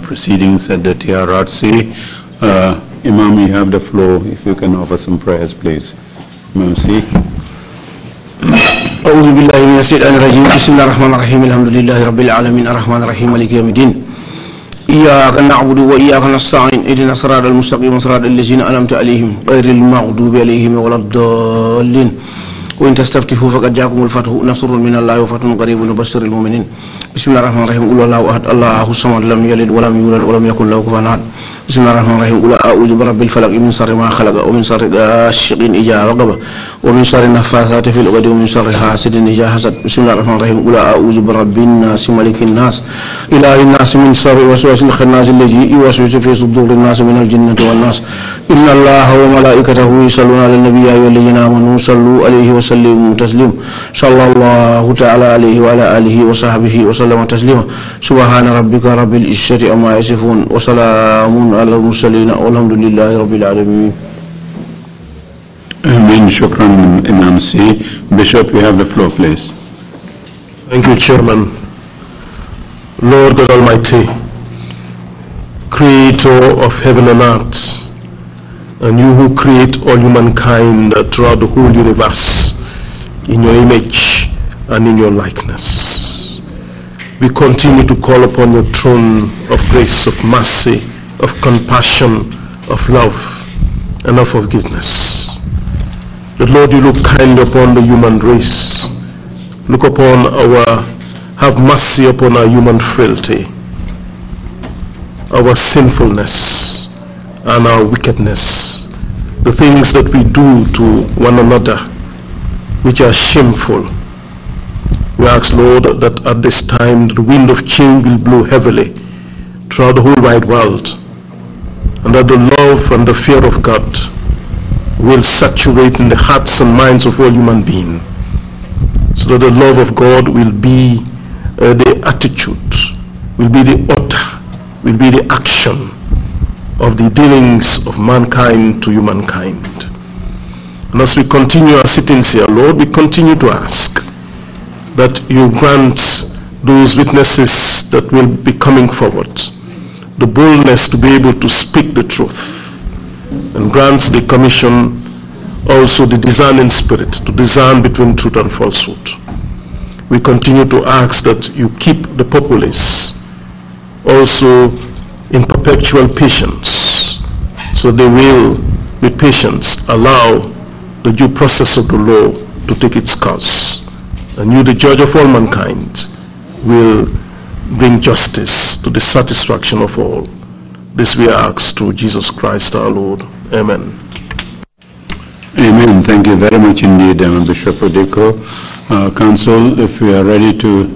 proceedings at the TRRC. Uh, Imam, you have the floor. If you can offer some prayers, please. Imam C. أعوذ بالله من الشيطان الرجيم بسم الله الرحمن الرحيم الحمد لله رب العالمين الرحمن الرحيم مالك يوم الدين إياك نعبد وإياك نستعين اهدنا الصراط المستقيم صراط الذين أنعمت عليهم غير المغضوب عليهم ولا الضالين وإن تستفتحوا فقد جاكم الفتح نصر من الله وفتح قريب يبشر المؤمنين بسم الله الرحمن الرحيم قل الله أحد الله الصمد لم يلد ولم يولد ولم يكن له كفوا أحد بسم الله الرحمن الرحيم قل أعوذ برب الفلق من شر ما خلق ومن شر غاشق إذا وقب ومن شر النفاثات في العقد ومن شر حاسد إذا حسد بسم الله الرحمن الرحيم قل أعوذ برب الناس ملك الناس إله الناس من شر الوسواس الخناس الذي يوسوس في صدور الناس من الجنة والناس إن الله وملائكته يصلون على النبي يا أيها الذين آمنوا صلوا عليه وسلم وسلم تسليما صلى الله تعالى عليه وعلى آله وصحبه وسلم تسليما سبحان ربك رب العزة عما يصفون وسلام على المرسلين والحمد لله رب العالمين Amen. Shukran, Imam C. Bishop, you have the floor, please. Thank you, Chairman. Lord God Almighty, Creator of heaven and earth, and you who create all humankind throughout the whole universe, in your image and in your likeness. We continue to call upon your throne of grace, of mercy, of compassion, of love, and of forgiveness. The Lord, you look kindly upon the human race. Look upon our, have mercy upon our human frailty, our sinfulness, and our wickedness, the things that we do to one another which are shameful. We ask, Lord, that at this time the wind of change will blow heavily throughout the whole wide world, and that the love and the fear of God will saturate in the hearts and minds of all human beings, so that the love of God will be uh, the attitude, will be the utter, will be the action of the dealings of mankind to humankind. And as we continue our sittings here, Lord, we continue to ask that you grant those witnesses that will be coming forward the boldness to be able to speak the truth and grants the commission also the discerning spirit to discern between truth and falsehood. We continue to ask that you keep the populace also in perpetual patience so they will with patience allow the due process of the law to take its course. And you, the judge of all mankind, will bring justice to the satisfaction of all. This we ask through Jesus Christ our Lord. Amen. Amen. Thank you very much indeed, um, Bishop Odeko. Uh, Council, if we are ready to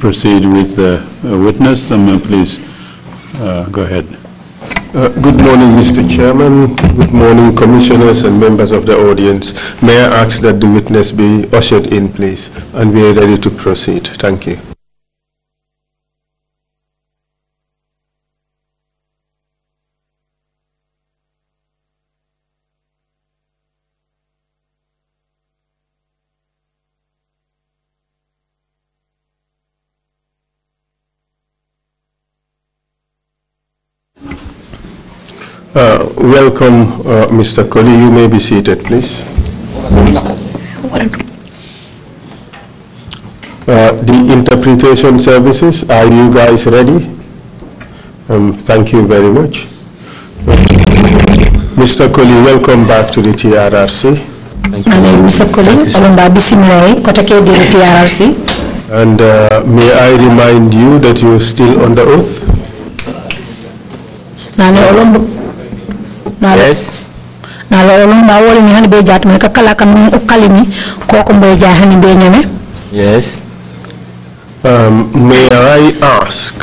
proceed with the uh, witness, um, uh, please uh, go ahead. Uh, good morning, Mr. Chairman. Good morning, commissioners and members of the audience. May I ask that the witness be ushered in, please, and we are ready to proceed. Thank you. Uh, welcome, uh, Mr. Colley. You may be seated, please. Uh, the interpretation services, are you guys ready? Um, thank you very much. Mr. Colley. welcome back to the TRRC. Thank you. Mr. Coley, TRRC. And uh, may I remind you that you're still under oath? nalo yes. nalo lu ma wol ni han be jat me ka kala kan mu kalimi koko mbe jahani be nyame yes um, may i ask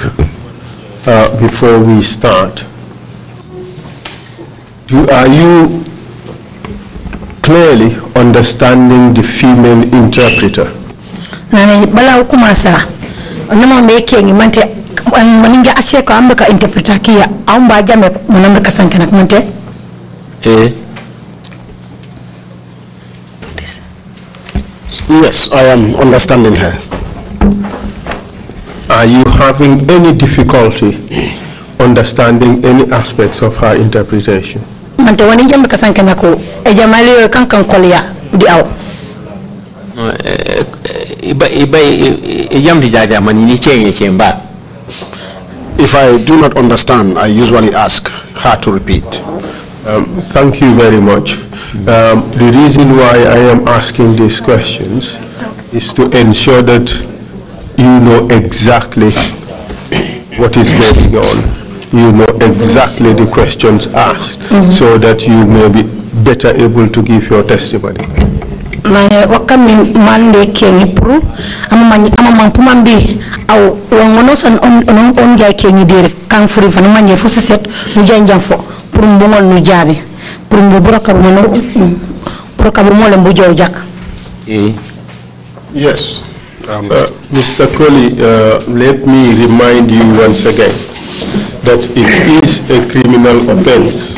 uh, before we start do are you clearly understanding the female interpreter nana bala kuma sa nama me ke ni mante maninga asiyako ambe ka interpretakia amba jame munambe kasankana kumante Eh? Yes, I am understanding her. Are you having any difficulty understanding any aspects of her interpretation? If I do not understand, I usually ask her to repeat. Um, thank you very much. Um, the reason why I am asking these questions is to ensure that you know exactly what is going on. You know exactly the questions asked mm -hmm. so that you may be better able to give your testimony wakami ama ama au wangono san on on on ya dire kang furi fana set nujabe ujak eh? yes um, uh, Mr. Coley, uh, let me remind you once again that it is a criminal offense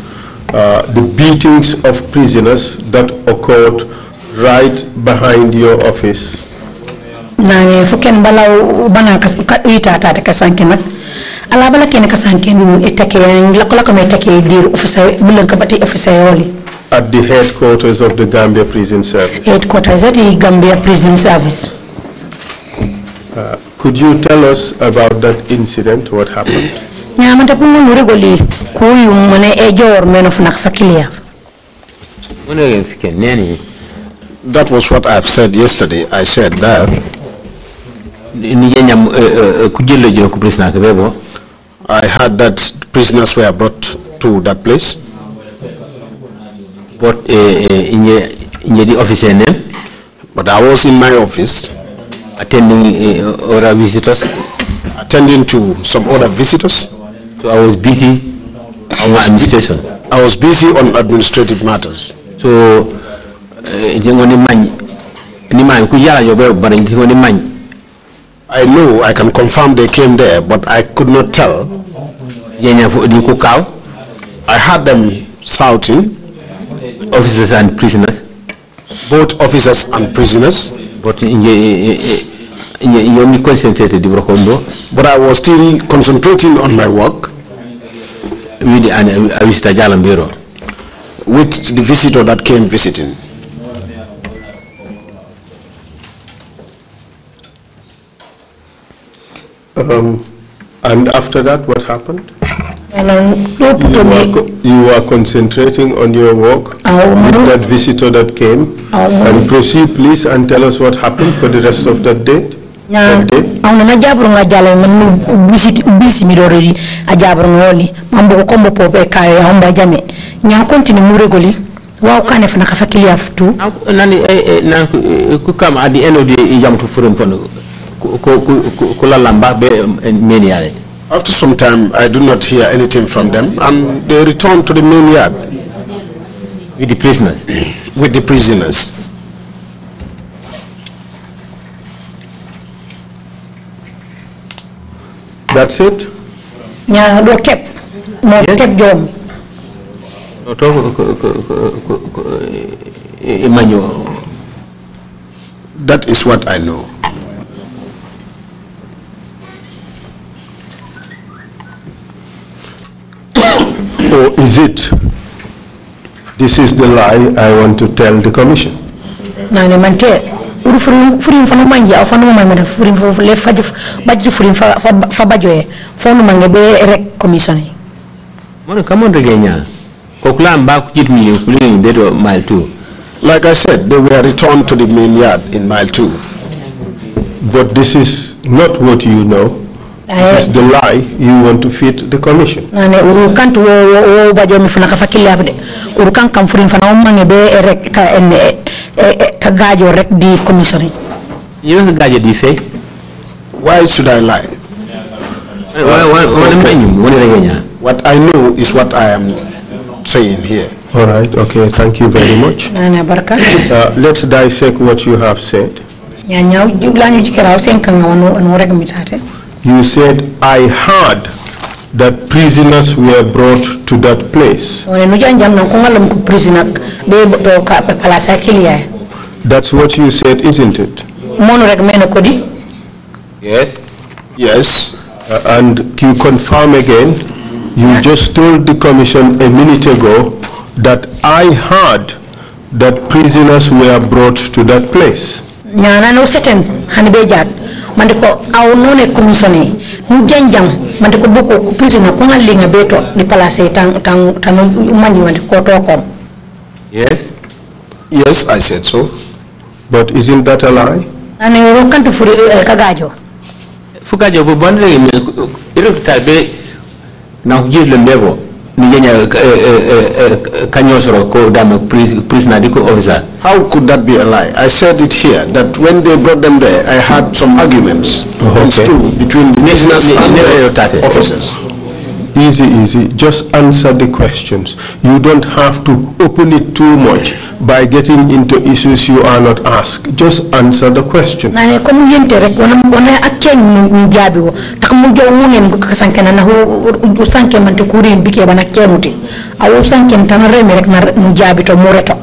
Uh, the beatings of prisoners that occurred right behind your office? nane fo ken balaw bana ita ta ta kasanke mat ala bala ken kasanke nu etake la ko la ko metake dir officer bulan kabati officer yoli at the headquarters of the Gambia Prison Service headquarters at the Gambia Prison Service uh, could you tell us about that incident what happened goli fakilia that was what i've said yesterday i said that ni ñam eh, eh, eh, ku i had that prisoners were brought to that place but in the office but i was in my office attending other visitors attending to some other visitors so I was busy on administration. I was busy on administrative matters. So, eh, I know, I can confirm they came there, but I could not tell. I heard them shouting. Officers and prisoners. Both officers and prisoners. But eh, eh, but I was still concentrating on my work uh, with the visitor that came visiting. Um, and after that, what happened? You were, you were concentrating on your work with that visitor that came. And proceed, please, and tell us what happened for the rest of that day. awna na nga jala man ubisi ubisi mi dorori a jabro ngoli mambo ko kombo pope kayo ya homba jame nya continue mure goli waw kane fana ka fakili aftu nani eh, eh, na eh, ku kam adi eno di yamtu furum ko ko ko la lamba be yare after some time i do not hear anything from them and they return to the main yard with the prisoners with the prisoners That's it? Yeah, képp moo képp joom no to uh, uh, uh, Emmanuel that is what I know or is it this is the lie I want to tell the commission naa ne man uru furin furin fana manji aw fana ma mena furin fo le ba baji furin fa fa joye fo no mangi be rek commission yi e. mon kamo de genya ko kula ba ku jit mi ku le be do mile 2 like i said they were returned to the main yard in mile 2 but this is not what you know It's the lie you want to feed the commission. Nane uru kan tu wo wo bajo mi fana ka fakile Uru kan kam furin fana o mangi be rek ka en You eh, eh, gaajoo rek di commissionné. ñu gaajo di why should I lie. Eh, what I know is what I am saying here. All right, okay, thank you very much. Uh, let's dissect what you have said. You said, I heard that prisoners were brought to that place. Ya. That's what you said, isn't it? Yes. Yes. Uh, and you confirm again, you just told the commission a minute ago that I heard that prisoners were brought to that place. ñanano seten hani be jaat mande ko none commissioné nu janjang mande ko boko prisoner ko ngalli beto di palace tan tan tan umani mande ko to kom Yes? Yes, I said so. But isn't that a lie? And you look into Kagajo. Fukajo, but one day, you look at it. Now, you How could that be a lie? I said it here that when they brought them there, I had some arguments. Oh, okay. It's between the prisoners and the officers easy, easy. Just answer the questions. You don't have to open it too much by getting into issues you are not asked. Just answer the question. yente rek wana wana akeni na usanke usanke na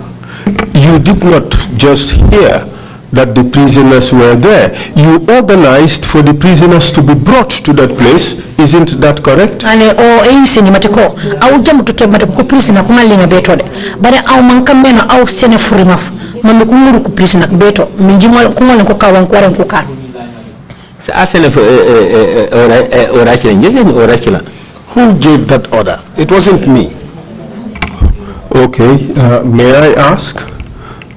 You did not just hear that the prisoners were there. You organized for the prisoners to be brought to that place, isn't that correct? Ale o au Who gave that order? It wasn't me. Okay, uh, may I ask?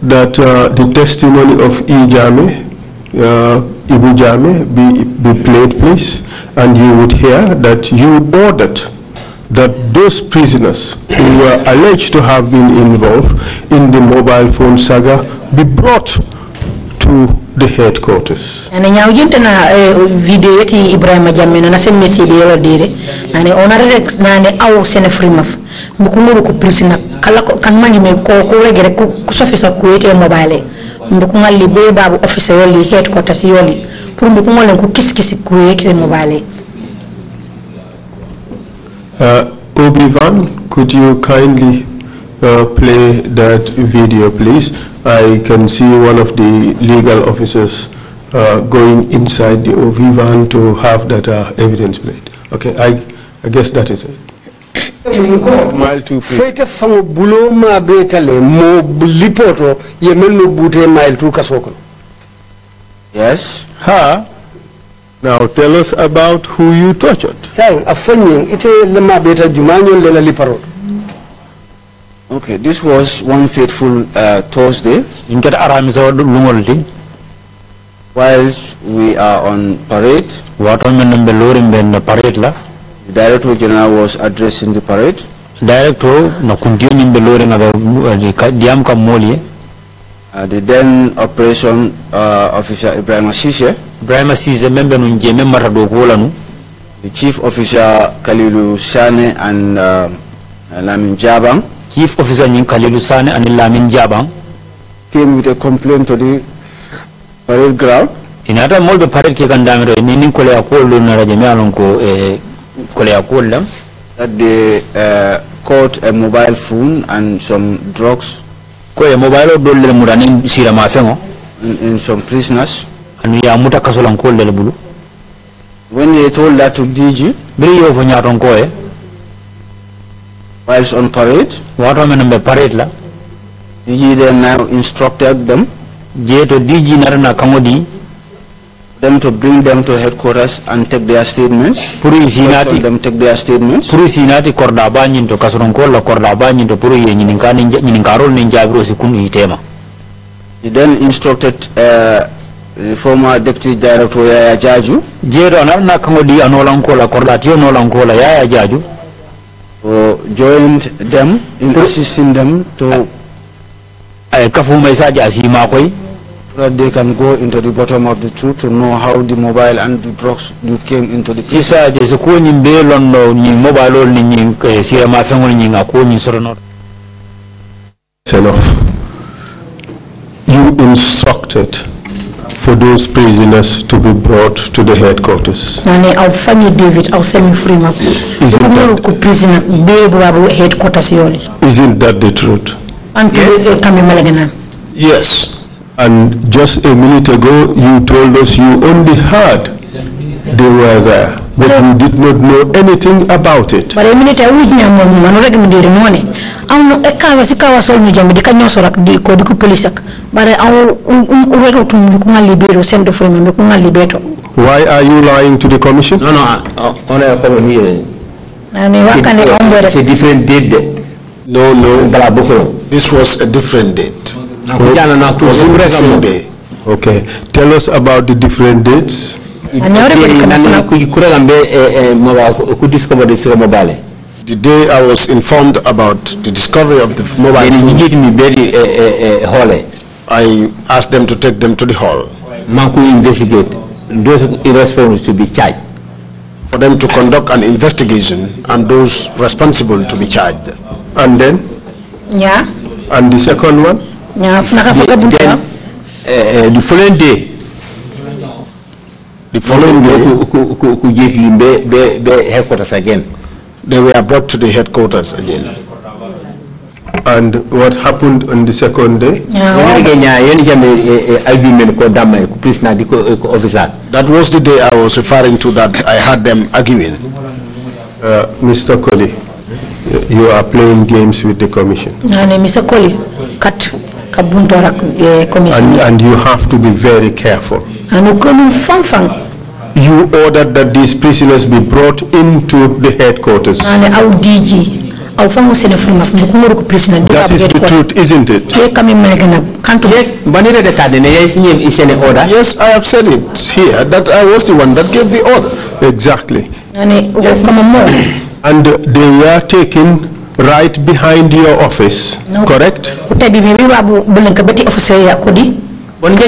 that uh, the testimony of E. Jame, uh, Ibu Jame, be, be played, please, and you would hear that you ordered that those prisoners who were alleged to have been involved in the mobile phone saga be brought to the headquarters. Ane uh, uh, nyaujinta na video yeti Ibrahim Jamme na sen mesili yelo dire. Ane onare na ane au sene frimaf. Mukunguru ku prisina kala kanmani me ko ko legere ku sofisa ku yeti mobile. Mbukunga libe babu officer yoli headquarters yoli. Pour mbukunga len ku kiskisi ku yeti mobile. Uh, Obi-Wan, could you kindly uh, play that video, please? I can see one of the legal officers uh, going inside the OV van to have that uh, evidence plate. Okay, I, I guess that is it. yes ha now tell us about who you tortured saayiŋ a Okay, this was one fateful uh, Thursday. While we are on parade, the Director General was addressing the parade. Director na kundio nimbe the ngabe diam uh, The then operation uh, officer Ibrahim Asise. Ibrahim Asise member nunje member maradogola nu. The chief officer Kalilu Shane and uh, Lamin Jabang. chief officer ñing Khalilou Sane and lamin Jabang came with a complaint to the parade ground inata molbe parade ke kan damiro ni nin kole akol lu na rajemi alon ko e eh, kole akol lam that they uh, caught a mobile phone and some drugs ko e mobile do le murani sira ma fengo in, in some prisoners anu ya muta kasolan ko le bulu when they told that to DG bri yo fo nyaton ko e eh. Whilst on parade, wato parade la. DG then now instructed them. Je to DG narana kamodi. Them to bring them to headquarters and take their statements. Puri isinati. Them take their statements. Puri isinati la nyinto kasurongkola kordaba to puri yenyininkani nyininkarol ninjabiro sikuni itema. He then instructed uh, the former deputy director Yaya Jaju. Jero anarna kangodi anolankola kordatiyo la Yaya Jaju. joined them in assisting them to that they can go into the bottom of the truth to know how the mobile and the drugs you came into the isa de mobile eh, enough you instructed for those prisoners to be brought to the headquarters. David Isn't ku headquarters not that the truth? Yes. yes. And just a minute ago you told us you only heard they were there but you did not know anything about it. But minute Why are you lying to the commission? No no, on a problem here. Nani wakane different date. No no. This was a different date. Was the same day. Okay. Tell us about the different dates. Eh, eh, the day I was informed about the discovery of the mobile phone, eh, I asked them to take them to the hall. Manku investigate. Those irresponsible to be charged. For them to conduct an investigation and those responsible to be charged. And then? Yeah. And the second one? Yeah. then, uh, the following day, the following day, they were brought to the headquarters again. And what happened on the second day? That was the day I was referring to that I had them arguing. Uh, Mr. Koli, eh, you are playing games with the commission. Mr. Coley, cut. And, and you have to be very careful. And You ordered that these prisoners be brought into the headquarters. And That is the truth, isn't it? Yes, I have said it here that I was the one that gave the order. Exactly. And they were taken right behind your office, correct? like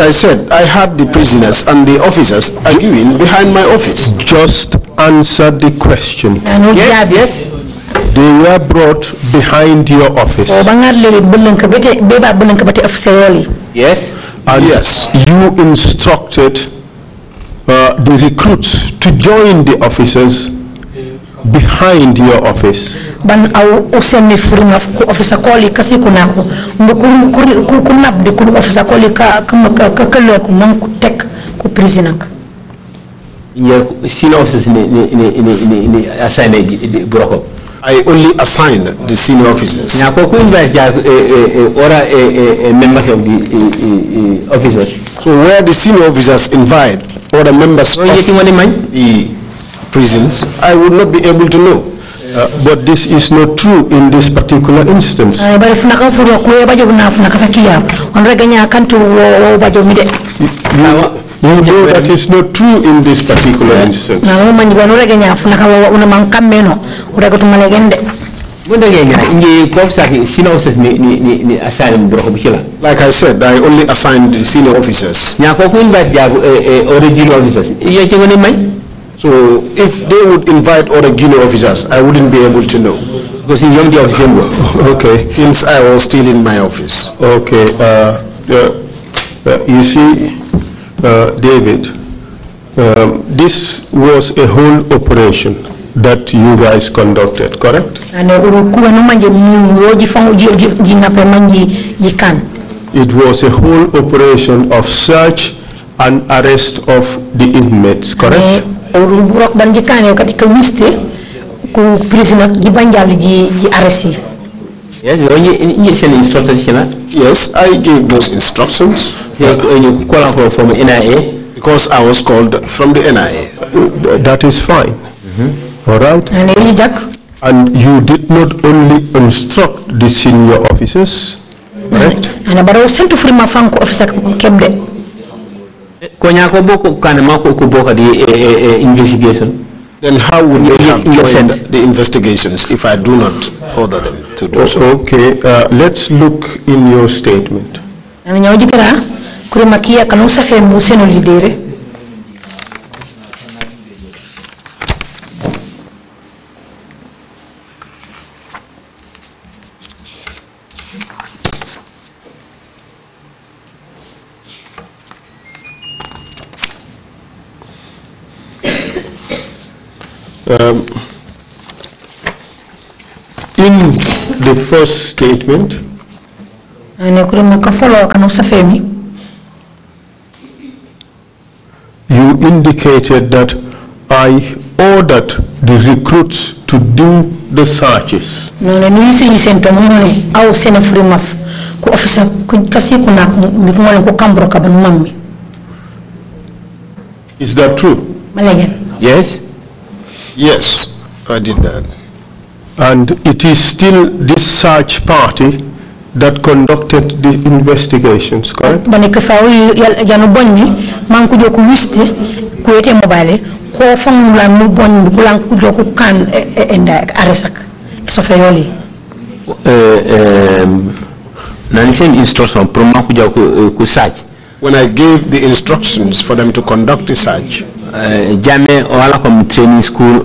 i said i had the prisoners and the officers arguing behind my office just answer the question yes yes they were brought behind your office oh, yes and yes you instructed uh, the recruits to join the officers behind your office ban aw usenne furuna ku ofisa koli kasi kuna ko ndukun ku ku nab de ku ofisa koli ka ka ka kala ko man ku tek ku prisinak ya sino ofisa ni ni ni ni ni ni assign buroko I only assign the senior officers. Now, Koku invite ora eh, eh, eh, members of the officers. So where the senior officers invite or the members of the prisons, I would not be able to know. Uh, but this is not true in this particular instance. Uh, you, you know that is not true in this particular eh, instance. Like I said, I only assigned the senior officers. So if they would invite other Guinea officers, I wouldn't be able to know. Because in Yongdi office, okay. Since I was still in my office. Okay. Uh, uh, you see, uh, David, um, this was a whole operation that you guys conducted, correct? It was a whole operation of search and arrest of the inmates, correct? burok ban jikane kadi ka ku prisoner di banjal di ji arresti yes ya, yo ñi sen instruction ci la yes i gave those instructions ñu ko la ko from NIA because i was called from the NIA that is fine mm -hmm. all right nah, and you did not only instruct the senior officers nah, correct ana nah, baro sentu firma fanko officer kebde konya ko boko mako ko boka di eh, eh, eh, investigation then how would they have joined the investigations if i do not order them to do so okay uh, let's look in your statement makia lidere false statement. You indicated that I ordered the recruits to do the searches. Is that true? Yes. Yes, I did that. And it is still this search party that conducted the investigations, correct? Baneke fawi yano bonni man kujo ku kuete mobile ko fon lan mu bonni kulan kujo ku kan enda aresak so feyoli eh, eh nani sen instruction pour man kujo eh, ku search when i gave the instructions for them to conduct the search eh, jame wala comme training school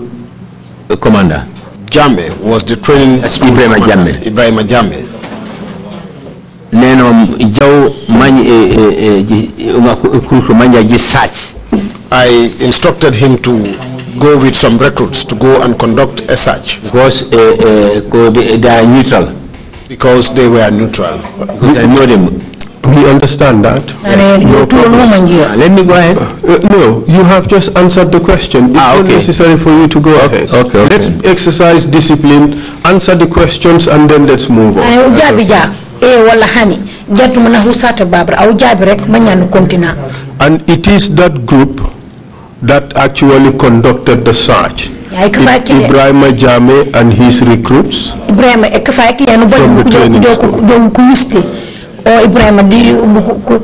commander Jammeh was the training school Ibrahima Jammeh. Ibrahima Jammeh. Nenom search. I instructed him to go with some recruits to go and conduct a search. Because uh, uh, they are neutral. Because they were neutral. Because I know them. We understand that. No Let me go ahead. Uh, no, you have just answered the question. It's ah, okay. not necessary for you to go ahead. Okay, okay. Let's exercise discipline, answer the questions, and then let's move on. Eh, and it is that group that actually conducted the search. Ibrahim Jame and his recruits Ibrahim eh, from the training o ibrahima ɗi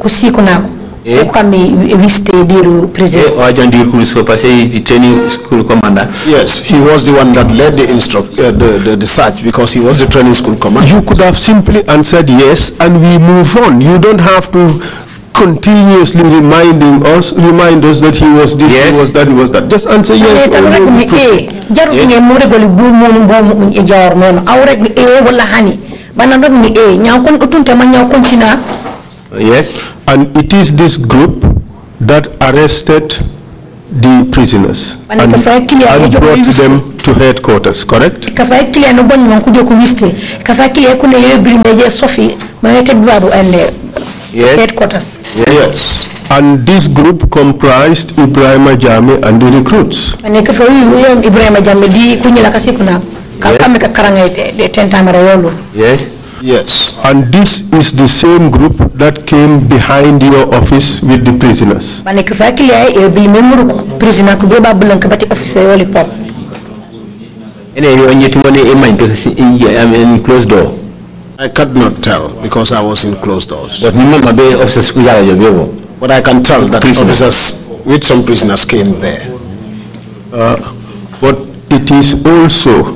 ko sikonako ko eh? kammi wiste ɗiru président o eh, ajondir cours so par ce que the training school commander. yes he was the one that led the instruct uh, the, the, the search because he was the training school commander. you could have simply answered yes and we move on you don't have to continuously reminding us, remind us that he was this, yes. he was that, he was that. Just answer yes. yes. bana dog mi e nyawkon utun tema nyawkon china yes and it is this group that arrested the prisoners and, and brought them to headquarters correct bon mon ku wisle kafai kile kuna sofi mayete babu ande uh, yes. headquarters yes. and this group comprised Ibrahima jami and the recruits Ibrahima di kunyela Yes. Yes. And this is the same group that came behind your office with the prisoners. I could not tell because I was in closed doors. But I can tell that prisoners. officers with some prisoners came there. Uh, but it is also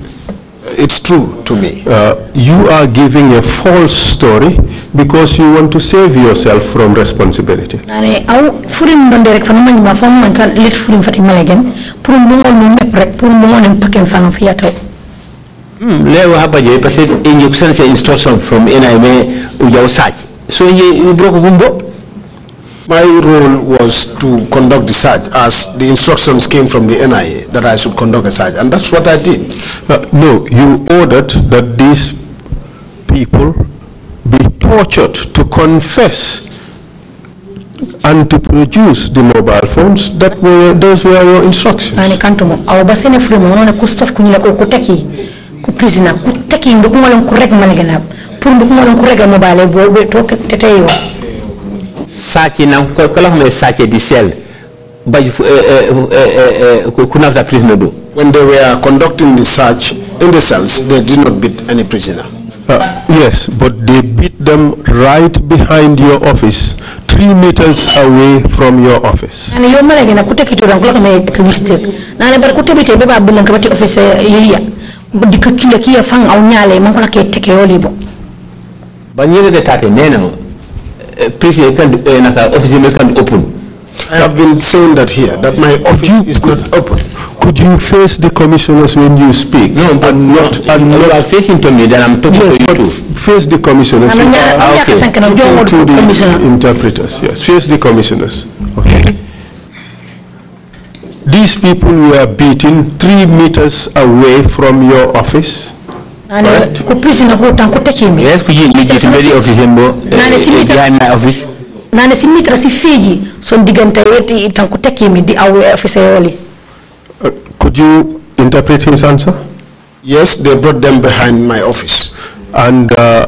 it's true to me. Uh, you are giving a false story because you want to save yourself from responsibility. Nane aw rek lit fati pour rek pour je parce que instruction from NIMA e ujaw So ye you broke gumbo. My role was to conduct the search as the instructions came from the NIA that I should conduct a search, and that's what I did. Uh, no, you ordered that these people be tortured to confess and to produce the mobile phones that were those were your instructions ku prisoner mobile bo sacce eh, eh, eh, prisoner when they were conducting the search in the cells they did not beat any prisoner Uh, yes, but they beat them right behind your office, three meters away from your office. And you manage na kute kitu rangu kama kiviste. Na na bar kute bite beba bulan kabati office yiya. Dikakia kia fang au nyale mangula ke teke olibo. Banyere de tate nena Eh, prison eh, can uh, office can open. I have been saying that here, that my office is not open. Could you face the commissioners when you speak? No, but I'm not. No, I'm not. are facing to me, then I'm talking yes, to you too. Face the commissioners. I'm ah, okay. To the commissioner. interpreters, yes. Face the commissioners. Okay. These people were beaten three meters away from your office Eh, nane ku prisoner ko tan yes nane nane si di yoli uh, could you interpret his answer yes they brought them behind my office and uh,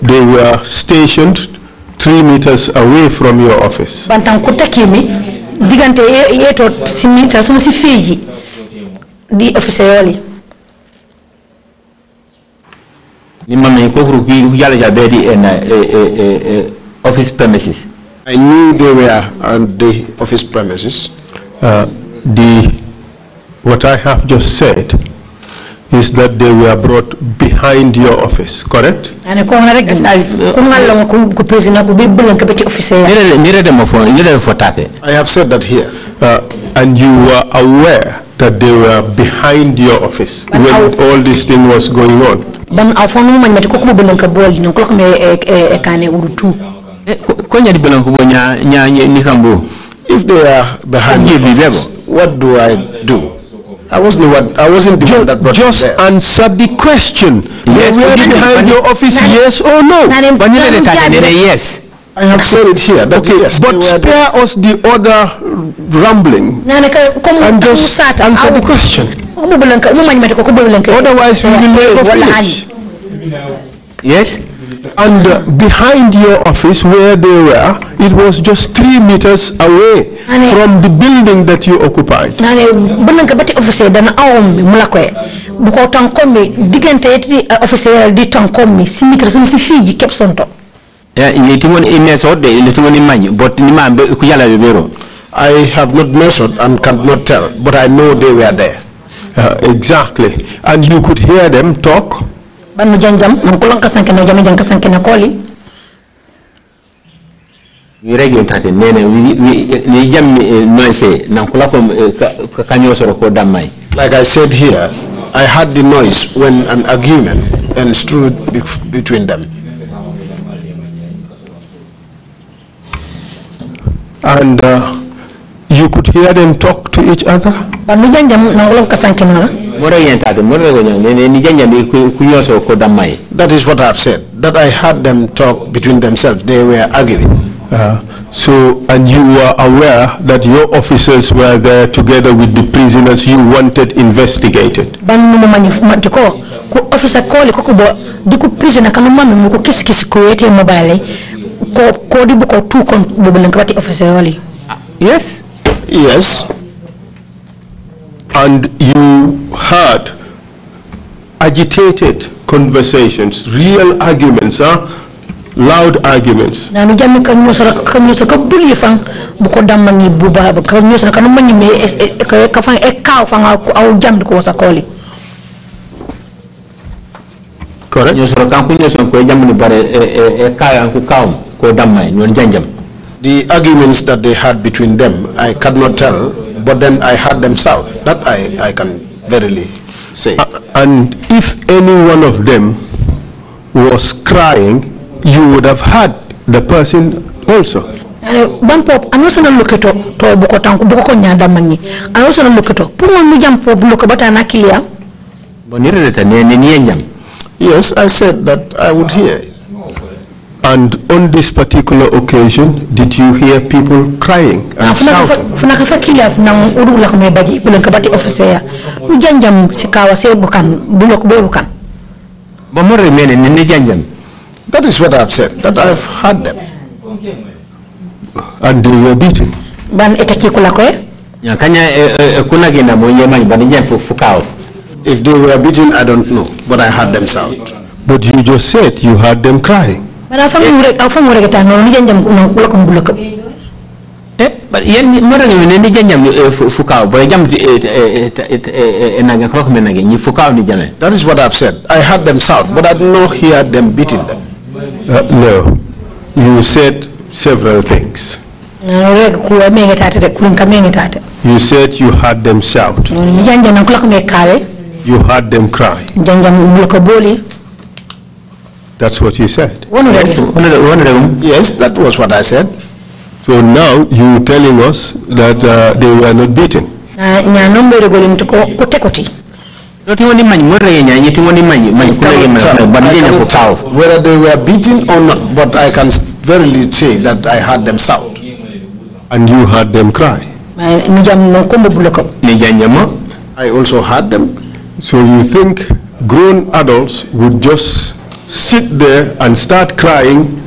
they were stationed three meters away from your office bantan ko digante yeto simmitra son si feeji di office yoli Eh, eh, eh, office premises. I knew they were on the office premises. Uh, the what I have just said is that they were brought behind your office, correct? And I have said that here. Uh, and you were aware that they were behind your office when all this thing was going on? ban a fonu man meti kokko bulan ka bol non me e eh, eh, eh, kane urutu ko nyadi bulan ko nya nya ni kambo if they are behind your office, what do i do I wasn't what I wasn't the one that brought Just there. answer the question. Yes, were behind your office, yes or no? Yes. I have said it here. okay, yes, but spare us the other rambling and just answer the question. Otherwise, we will never finish. Yes? And uh, behind your office, where they were, it was just three meters away from the building that you occupied. Buko tankomi, digente yeti uh, officer di tankomi, si mitra suni si fiji kep son to. I have not measured and cannot tell, but I know they were there. Uh, exactly. And you could hear them talk. nene noise eh, eh, like i said here i had the noise when an argument ensued between them and uh, you could hear them talk to each other. Eh? That is what I've said, that I heard them talk between themselves. They were arguing. Uh, so, and you were aware that your officers were there together with the prisoners you wanted investigated? officer koli kokubo diku prisoner kama mami muku kisikisi kuyete mobile eh? ko ko di ko tu kon do ben ko officer wali ah, yes yes and you heard agitated conversations real arguments huh? loud arguments nanu jam kan mo sara kan mo saka buli fan bu ko dam ni bu ba kan mo sara kan mo ni me ka e, fan e, e ka aw e jam ko sa koli correct ñu soro kan kunyo son ko jam ni bare e e kaya ku kaum ko damay non janjam the arguments that they had between them i cannot tell but then i heard them out that i i can verily say and if any one of them was crying you would have heard the person also ban pop ano sana loketo to buko tanku buko ko nyada mangi ano sana loketo pungo nu jam pop lokobata nakilia bonire reta ne ne nyam Yes, I said that I would hear. And on this particular occasion, did you hear people crying and ah, shouting? Funa kafa kilaf nang uru la kami bagi bulan kabati officer. Ujan jam sikawa saya bukan bulok bukan. Bamur remene nene janjam. That is what I've said. That I've heard them. And they were beaten. Ban etaki kula kanya e eh, eh, kuna gina mwenye mani bani jen fukawa. If they were beaten, I don't know, but I heard them shout. But you just said you heard them crying. But I found you but yen mara ngi ne ni janjam eh, fukaw boy jam nanga krok men ngi ni fukaw ni jame that is what i've said i heard them shout but i did not hear them beating them uh, no you said several things you said you heard them shout you heard them cry. That's what you said. Yes, that was what I said. So now you're telling us that uh, they were not beaten. whether they were beaten or not, but I can verily say that I heard them shout. And you heard them cry. I also heard them so you think grown adults would just sit there and start crying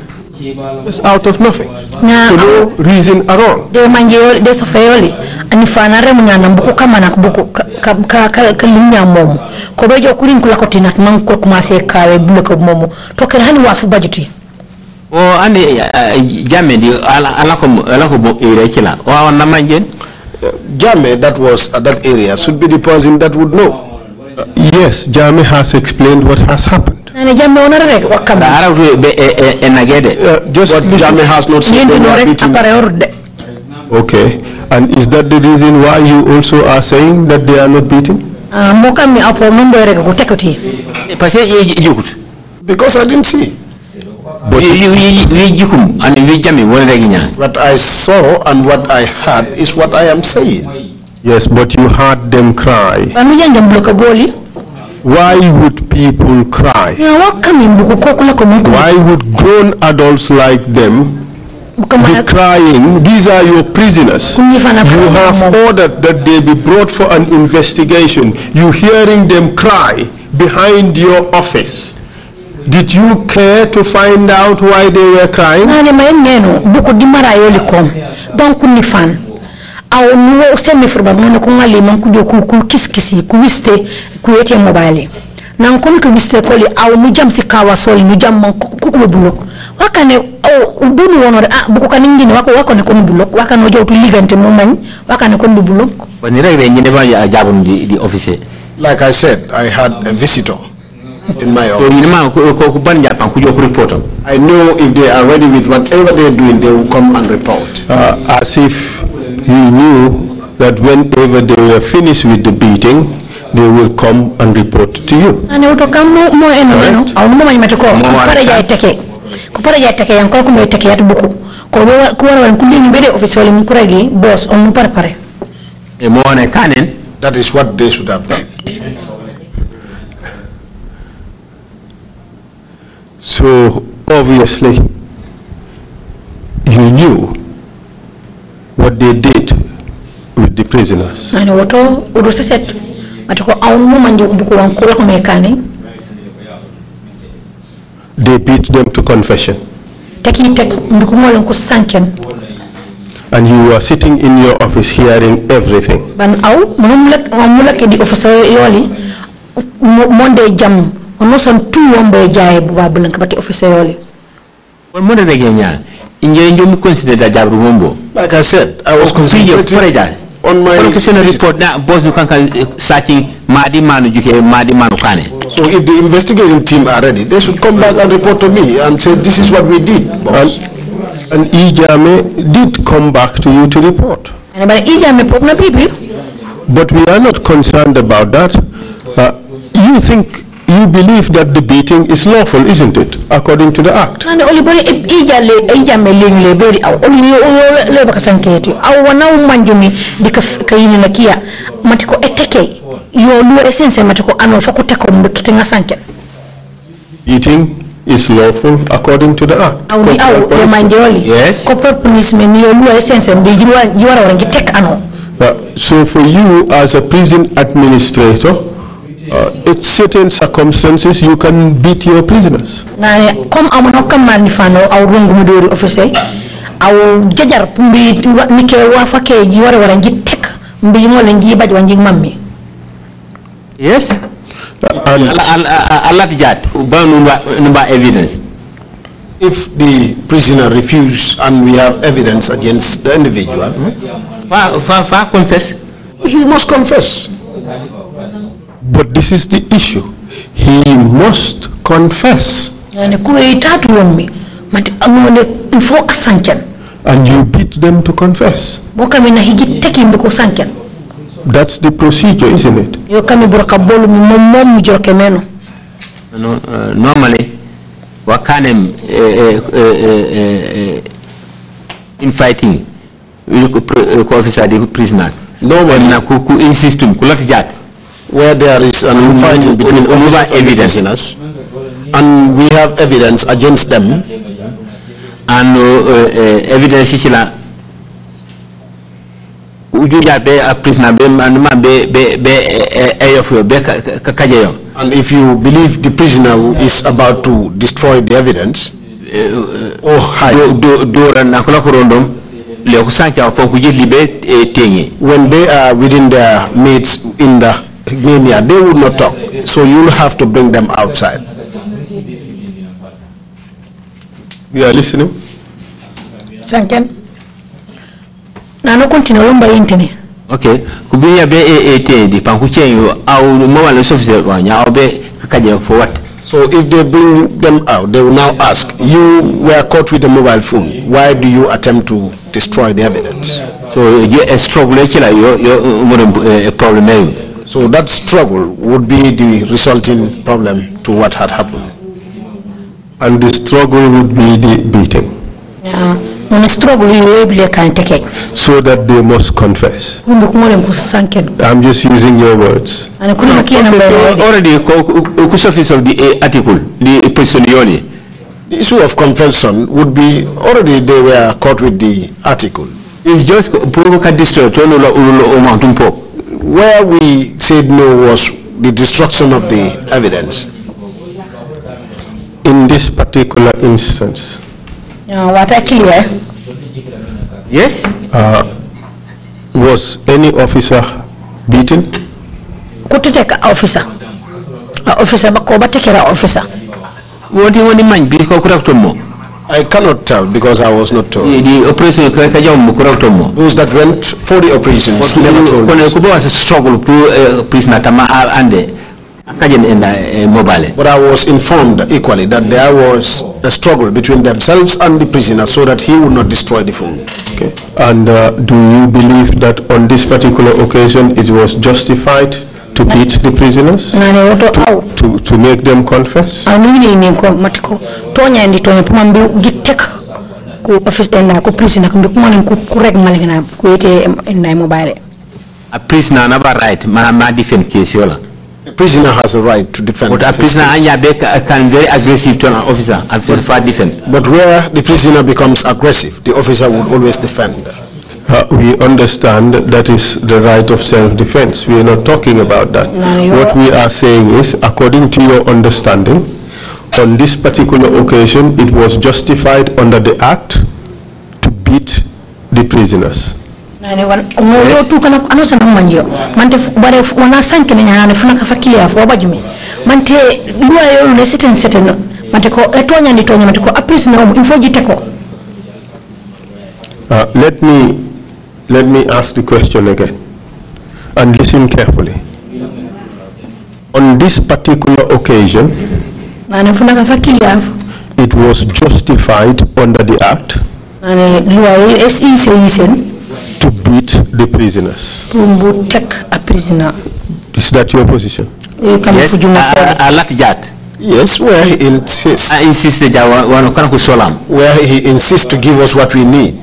it's out of nothing na, for no reason at all de manjeoli de sofeoli anifanare munyana mbuku kama na kubuku ka ka ka, ka linya momo ko bejo kurin kula ko tinat nan ko kuma se kawe bule ko momo to ker hani wafu bajuti o ande uh, eh, jame di ala ala ko ala ko bo ere kila o wa na manjen jame that was at that area should be the person that would know yes, Jami has explained what has happened. Uh, just what Jami has not said. Okay, and is that the reason why you also are saying that they are not beating? Ah, eh, because I didn't see. But, but I saw and what I heard is what I am saying. Yes, but you heard them cry. Why would people cry? Why would grown adults like them be crying, these are your prisoners. You have ordered that they be brought for an investigation. You hearing them cry behind your office. Did you care to find out why they were crying? au ni wo semme furba mun ko ngali man ku do ku kiskisi ku wiste ku yete mobile nan kom ku wiste ko li aw nu jam si kawa sol nu jam man ku ko bulok waka ne o duni wono ah bu ko kan ni wako wako ne ko no bulok waka no jowtu ligante mo man waka ne ko no bulok woni rewbe ne ba jabum di di officier like i said i had a visitor in my office. Ni ma ko ku ban report I know if they are ready with whatever they are doing, they will come and report. Uh, as if he knew that whenever they were finished with the beating, they will come and report to you. Correct? That is what they should have done. So obviously, you knew what they did with the prisoners. Ano woto uruseset matoko aunu manju buku wankura kumekani. They beat them to confession. Taki tak mbikumolo nkusanken. And you are sitting in your office hearing everything. Ban au mulak mulak di office yoli monde jam onosan tu wombe jaye bubablan kabati office yoli. Wal monde Like I said, I was considering. on my protection report na boss nu kankan eh, searching madi manu juke madi manu kane so if the investigating team are ready they should come back and report to me and say this is what we did boss and, ijame did come back to you to report but ijame problem people but we are not concerned about that uh, you think you believe that the beating is lawful, isn't it, according to the Act? matiko matiko ano eating is lawful according to the act yes corporate uh, so for you as a prison administrator uh, it's certain circumstances you can beat your prisoners. I come. kam man fano aw I mu dori officer I will mbi ni ke wa fake ji wara wara tek mammi. Yes. Uh, Allah tijat banu evidence. If the prisoner refuses and we have evidence against the individual, fa fa fa confess. He must confess. But this is the issue. He must confess. And you beat them to confess. That's the procedure, isn't it? No, uh, normally, wakanem uh, eh, uh, eh, uh, eh, infighting, officer the prisoner. Normally, insist to where there is an infighting between mm-hmm. evidence in us, and we have evidence against them. And uh, uh, evidence is like ujuja be a prisoner be be be And if you believe the prisoner is about to destroy the evidence, uh, or hide, do do eh, When they are within their mates in the Guinea, they will not talk. So you'll have to bring them outside. We are listening. Sanken. Nano continue lomba intene. Okay. Kubinya be AAT di pankuchenyo au mama le wanya obe be for what? So if they bring them out, they will now ask, you were caught with a mobile phone. Why do you attempt to destroy the evidence? So you struggle like you you problem so that struggle would be the resulting problem to what had happened. And the struggle would be the beating. Yeah. So that they must confess. I'm just using your words. No, already, surface of the article, the questionnaire. The issue of confession would be already they were caught with the article. It's just provocative where we said no was the destruction of the evidence. In this particular instance. Uh, what I clear. Yes? Uh, was any officer beaten? Kututeka officer. Uh, officer bako batekera officer. What you Wodi wodi manj biko kutakutomo. I cannot tell because I was not told. The operation Those that went for the operations never told us. was a struggle to prisoner tama mobile. but I was informed equally that there was a struggle between themselves and the prisoner so that he would not destroy the phone. Okay. And uh, do you believe that on this particular occasion it was justified? to beat the prisoners to, to, to make them confess a prisoner has a right ma ma defend case yola prisoner has a right to defend but a prisoner can very aggressive to an officer officer but, defend but where the prisoner becomes aggressive the officer would always defend uh, we understand that is the right of self-defense. We are not talking about that. No, what we are saying is, according to your understanding, on this particular occasion, it was justified under the act to beat the prisoners. nane wan uh, let me let me ask the question again and listen carefully. On this particular occasion, it was justified under the act to beat the prisoners. Is that your position? Yes, I, like that. Yes, where he insists. I insist that to Where he insists to give us what we need.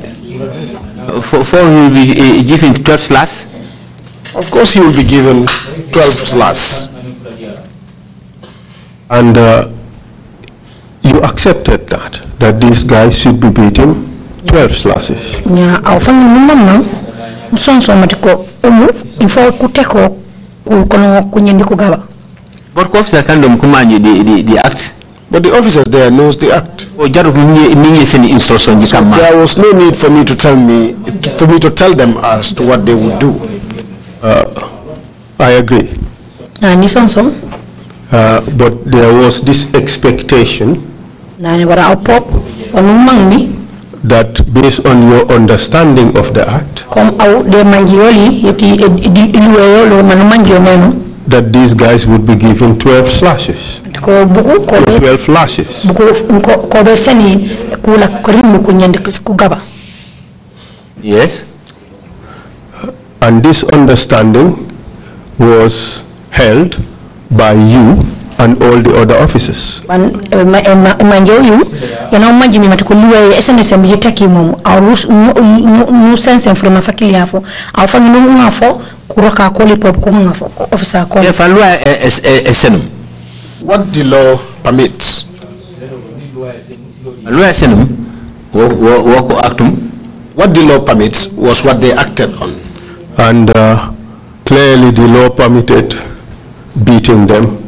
Uh, for, for he will be uh, given 12 slots? Of course he will be given 12 slots. And uh, you accepted that, that these guys should be beaten 12 slots. Yeah, I I'll But what's the kind of command you the, the, the act? But the officers there knows the act. Oh, so there was no need for me to tell me, for me to tell them as to what they would do. Uh, I agree. Ah, uh, but there was this expectation that based on your understanding of the act, that these guys would be given 12 slashes. 12 flashes. Yes. Uh, and this understanding was held by you and all the other offices. What the law permits. What the law permits was what they acted on. And uh, clearly the law permitted beating them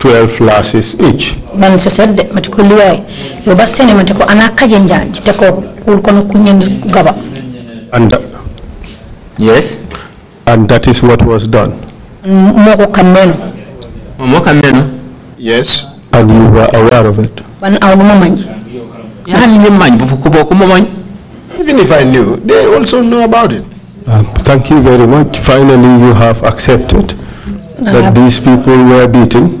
12 lashes each. Man sasad matiko liwai. Yoba sene matiko anaka jenja jiteko ulkono kunyen gaba. And yes. And that is what was done. Moko kameno. Moko kameno. Yes. And you were aware of it. Man awuma manji. Yani manji bufukubo kumo Even if I knew, they also know about it. Um, thank you very much. Finally, you have accepted that these people were beaten.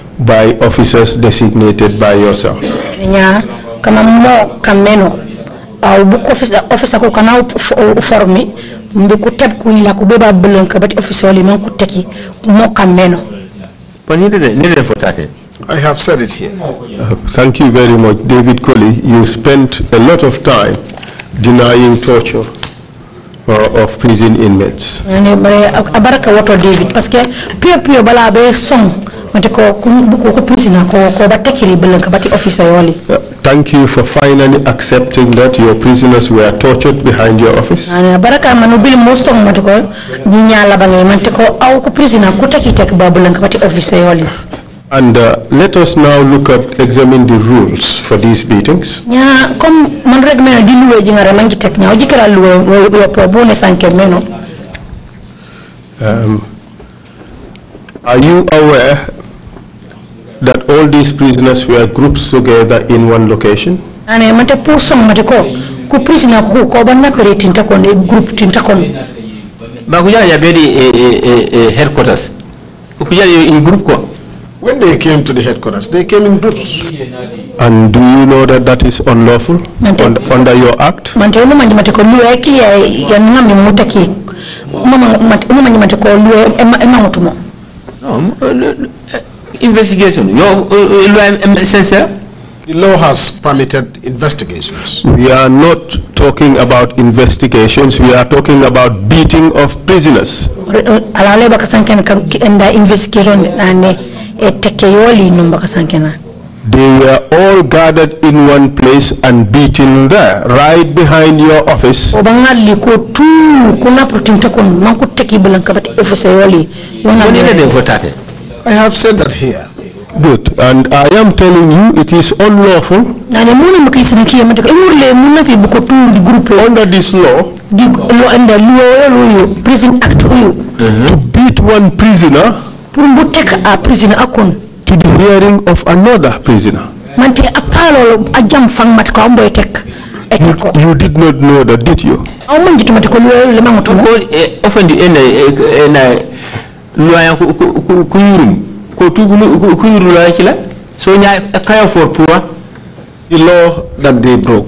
by officers designated by yourself. Nya kama kameno au buku officer officer ko kana formi mbe kutep kuila kubeba bulonka but officer wali man kuteki mo kameno. Panile ne ne fotate. I have said it here. Uh, thank you very much, David Colley. You spent a lot of time denying torture uh, of prison inmates. Abaraka wato David, parce que pio pio bala be song ko ko ba tekiri bati uh, thank you for finally accepting that your prisoners were tortured behind your office bil ko mante ko aw ba bati And uh, let us now look at examine the rules for these beatings. tek Um, are you aware that all these prisoners were grouped together in one location? ane mate pusam mate ko ku prisoner ku ko banna ko tinta kon e group tinta kon ba ku eh, ya bedi eh, eh, headquarters ku ya in group when they came to the headquarters they came in groups and do you know that that is unlawful under your act mante no manje mate ko luwa ki ya ya ngami mutaki mama mate no manje mate ko luwa e investigation. Your uh, sincere? Uh, the law has permitted investigations. We are not talking about investigations. We are talking about beating of prisoners. Alale baka sanken kam enda investigation ane tekeyoli numba kasankena. They were all gathered in one place and beaten there, right behind your office. Obangali ko tu kuna protein takon manku teki bilang kabat ne ne I have said that here. Good. And I am telling you it is unlawful. Under this law, prison act to beat one prisoner to the hearing of another prisoner. You, you did not know that, did you? Eh, often the loyen ko yurum ko tugunu ko yuru loyen ci la so nyaay kayo for pour the law that they broke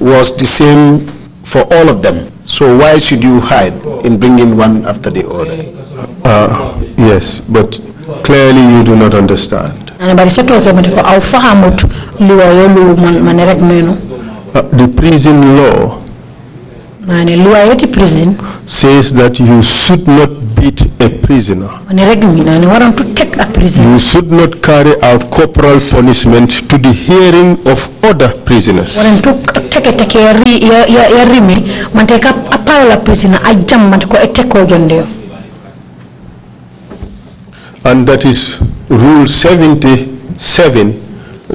was the same for all of them so why should you hide in bringing one after the other uh, yes but clearly you do not understand uh, the prison law says that you should not beat a prisoner. You should not carry out corporal punishment to the hearing of other prisoners. And that is Rule 77,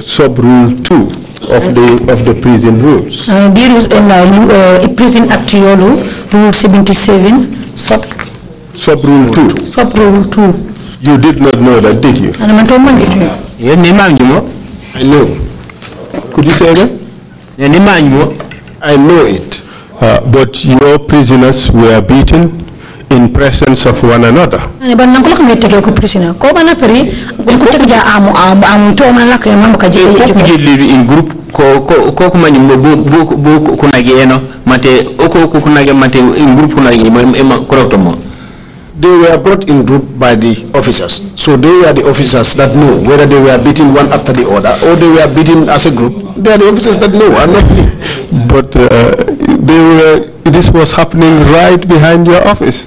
Sub Rule 2 of the of the prison rules. Uh, there is en uh, the uh, prison act yolo rule 77 sub sub rule 2. Sub rule 2. You did not know that, did you? I know. Could you say again? I know it. Uh, but your prisoners were beaten in presence of one another. in group ko kuma ko mate oko mate in group they were brought in group by the officers so they were the officers that know whether they were beaten one after the other or they were beaten as a group they are the officers that know and not me but uh, they were this was happening right behind your office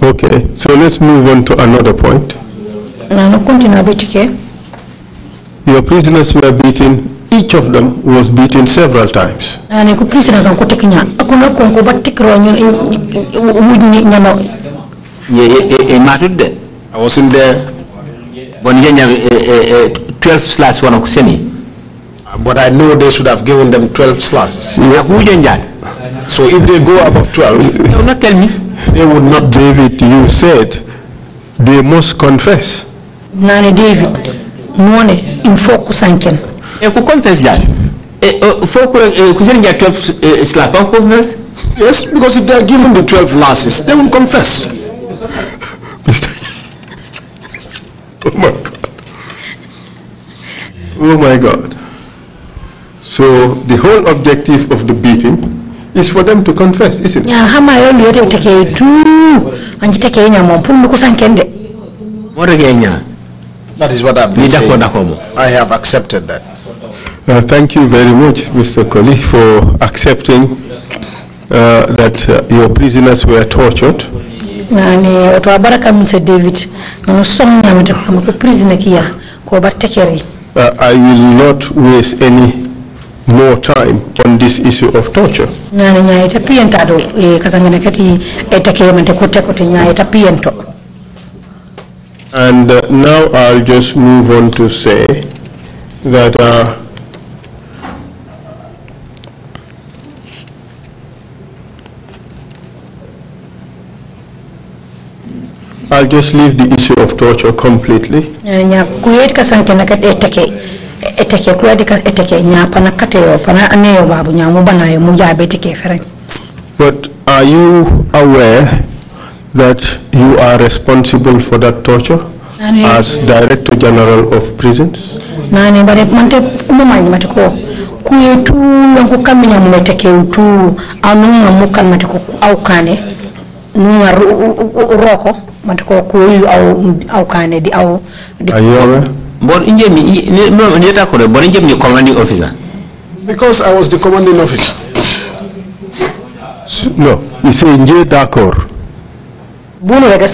Okay, so let's move on to another point. Your prisoners were beaten, each of them was beaten several times. I was in there. Eh, eh, eh, 12 slash uh, one but I know they should have given them 12 slashes. So if they go above 12, you cannot not tell me they would not David. it. You said they must confess. Nani David, mwone infoku sanken. Eku eh, confess jani. Eh, eh, foku kuzini ya 12 slav, confess? Yes, because if they are given the 12 lashes, they will confess. oh my God. Oh my God. So the whole objective of the beating is for them to confess, isn't it? That is what I've been saying. I have accepted that. Uh, thank you very much, Mr. Koli, for accepting uh, that uh, your prisoners were tortured. Nani Mr. David. Uh, I will not waste any more time on this issue of torture ta do e kati e take man te kote kote ta and uh, now i'll just move on to say that uh, I'll just leave the issue of torture completely. eteke kula dika eteke nyapa na kate yopa na aneyo babu nyamu bana yo muja abeteke fereng. But are you aware that you are responsible for that torture as Director General of Prisons? Nani bare mante umumanyi matiko kuye kuyetu langu kaminya mumeteke utu anunga mukan matiko aukane nunga roko matiko kuyu au aukane di au di Are you aware? But in your commanding officer. Because I was the commanding officer. No, he said Nje d'accord." He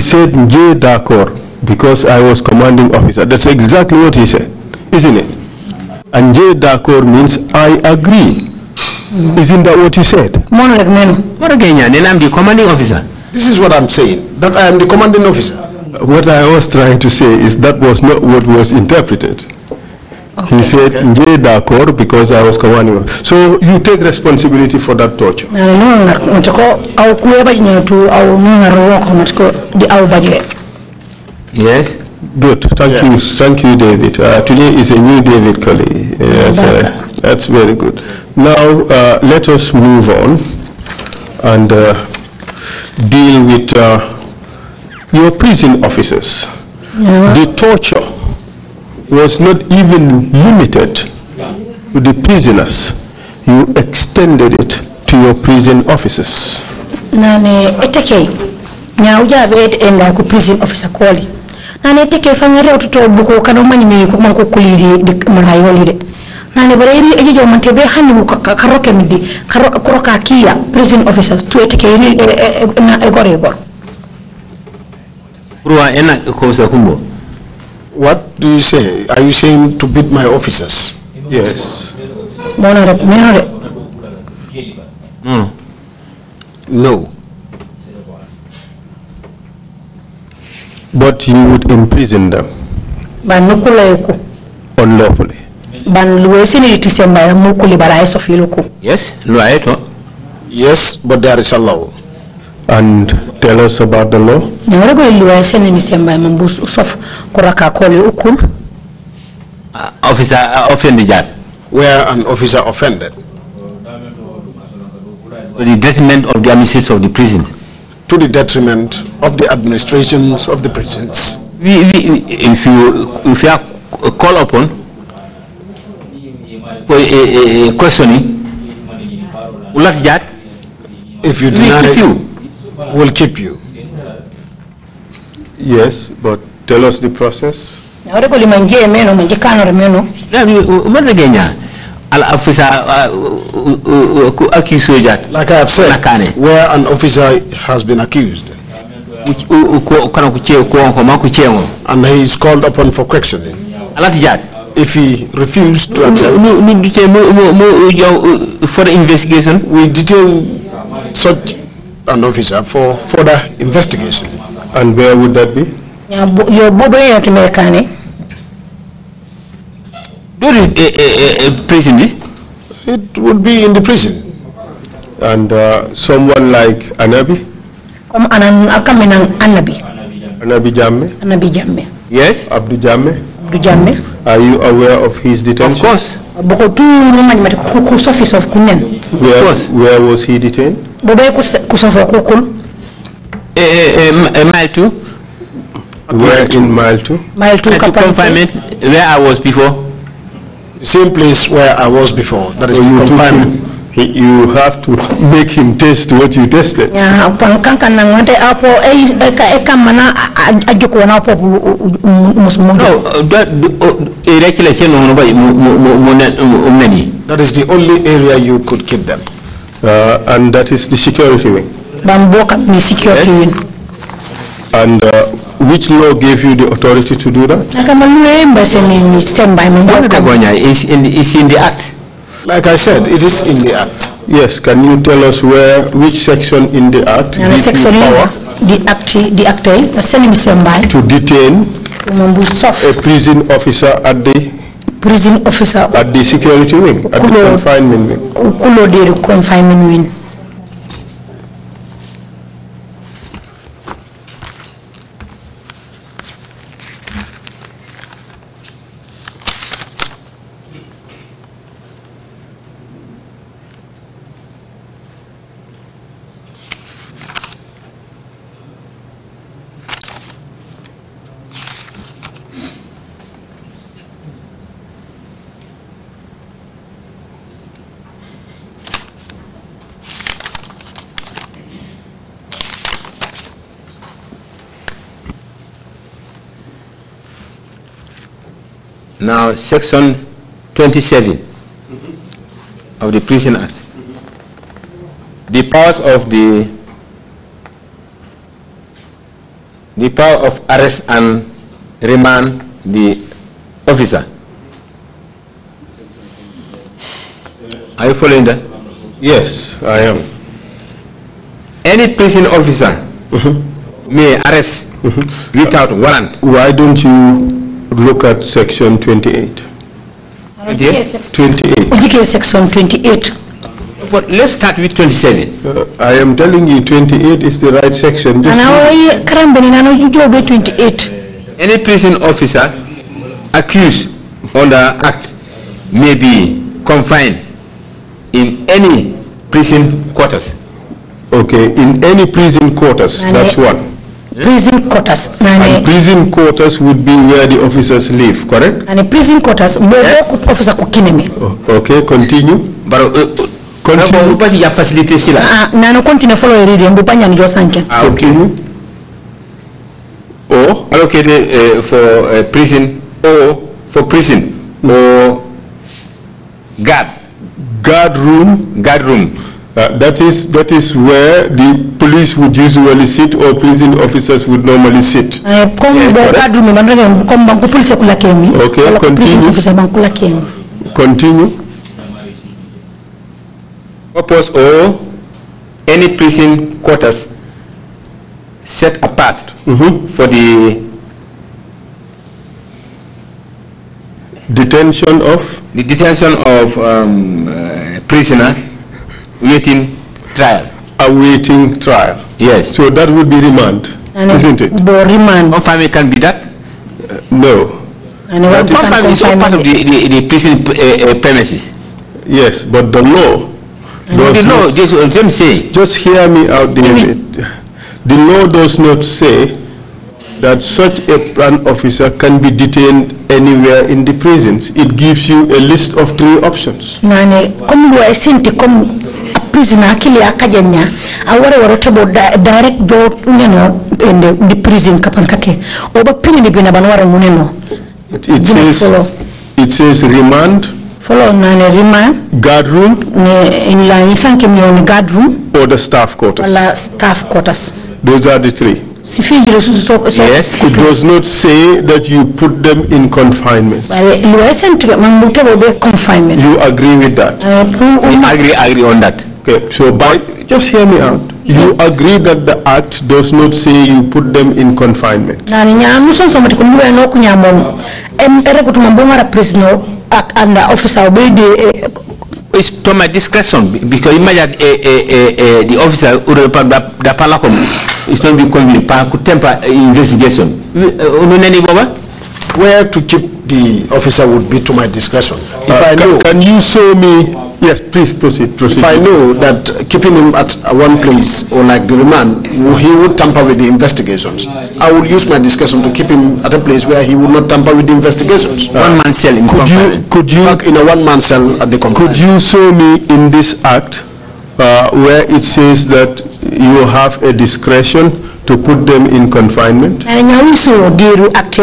said Nje d'accord" because I was commanding officer. That's exactly what he said, isn't it? And Nje d'accord" means I agree. Mm. Isn't that what you said? What again? Then I'm the commanding officer. This is what I'm saying, that I am the commanding officer. What I was trying to say is that was not what was interpreted. Okay. He said, okay. d'accord, because I was commanding. So you take responsibility for that torture. Yes. Good. Thank you. Thank you, David. Uh, today is a new David Kelly. Yes, uh, that's very good. Now, uh, let us move on and uh, deal with uh, your prison officers. Yeah. The torture was not even limited to the prisoners. You extended it to your prison officers. Nane eteke nyauja bed enda ku prison officer kwali. Nane eteke fanyere utoto buko kana mani mi kuma kukuliri ko kuliri de marayoli de. Nane bareri eje jo mantebe be hani karoke midi karoka kia prison officers tu eteke ri e, e, e gore gore. What do you say? Are you saying to beat my officers? Yes. Hmm. No. But you would imprison them. Unlawfully. Yes, Yes, but there is a law and tell us about the law? Uh, officer uh, offended that. Where an officer offended? To the detriment of the administration of the prison. To the detriment of the administrations of the prisons. We, we, if you if you are called upon for a, a, a questioning, will that if you deny, you will keep you. Yes, but tell us the process. Like I have said, where an officer has been accused and he is called upon for questioning, if he refused to accept, for investigation, we detail such an officer for further investigation. And where would that be? Your bobo yet mekani. Not a, a, prison, It would be in the prison. And uh, someone like Anabi? Come uh, Anabi. Anabi Jamme? Anabi Jamme. Yes? Abdul Jamme? tujambe. Are you aware of his detention? Of course. Because office of Kunen. Where, where was he detained? Eh, eh, eh, mile 2. Where in mile 2? Mile 2 confinement, where I was before. The same place where I was before. That is oh, the confinement. He, you have to make him taste what you tasted. That is the only area you could keep them. Uh, and that is the security wing. Yes. And uh, which law gave you the authority to do that? Eh, it's in the act. Like I said, it is in the Act. Yes, can you tell us where, which section in the Act gives section power? The Act, the Act, to detain a prison officer at the prison officer at the security wing, at the confinement wing. Confinement wing. Now, Section 27 of the Prison Act. The powers of the the power of arrest and remand the officer. Are you following that? Yes, I am. Any prison officer mm-hmm. may arrest mm-hmm. without warrant. Why don't you look at section 28. Yes. 28. Okay, section 28. But let's start with 27. Uh, I am telling you 28 is the right section. This and I you do 28. Any prison officer accused under act may be confined in any prison quarters. Okay, in any prison quarters, and that's one. Prison quarters. And prison quarters would be where the officers live, correct? And prison quarters, yes. officer kukineme. Oh, okay, continue. But, uh, eh, continue. Eh, ba ya facilité sila. Ah, ah na no continue follow the reading, mbo panya ndio sanke. Ah, continue. Or allocated uh, for uh, prison or for prison mm. or guard guard room guard room Uh, that is that is where the police would usually sit or prison officers would normally sit. Uh, okay, continue. Continue. Purpose or any prison quarters set apart mm -hmm. for the detention of the detention of um, uh, prisoner waiting trial. Awaiting trial. Yes. So that would be remand, and isn't it? But remand. Confirming can be that? Uh, no. And that confirm is all part of the, the, the prison uh, uh premises. Yes, but the law. The law, just, just, saying. just hear me out, David. The law does not say that such a plan officer can be detained anywhere in the prisons. It gives you a list of three options. Nane, comme lo esenti comme prisoner akili akajanya, awara warotabo direct do uneno in the prison kake. Oba pini bina banwara muneno. It says, it says remand. Follow nane remand. Guard room. Ne in la nisanke mnyoni guard room. Or the staff quarters. Or staff quarters. Those are the three. Yes, it does not say that you put them in confinement. You agree with that? I uh, agree, I agree on that. Okay, so by, just hear me out. You agree that the act does not say you put them in confinement. And officer it's to my discretion because imagine eh, eh, eh, eh, the officer who the palacom is not be convinced could temper investigation. Eh, Where to keep the officer would be to my discretion. If uh, I know, can, you show me? Yes, please proceed. Proceed. If I know that keeping him at one place or like the remand, he would tamper with the investigations. I will use my discretion to keep him at a place where he would not tamper with the investigations. Uh, one man cell in could you could you fact, in a one man cell at the Could you show me in this act uh, where it says that you have a discretion? to put them in confinement na nyawi so diru akte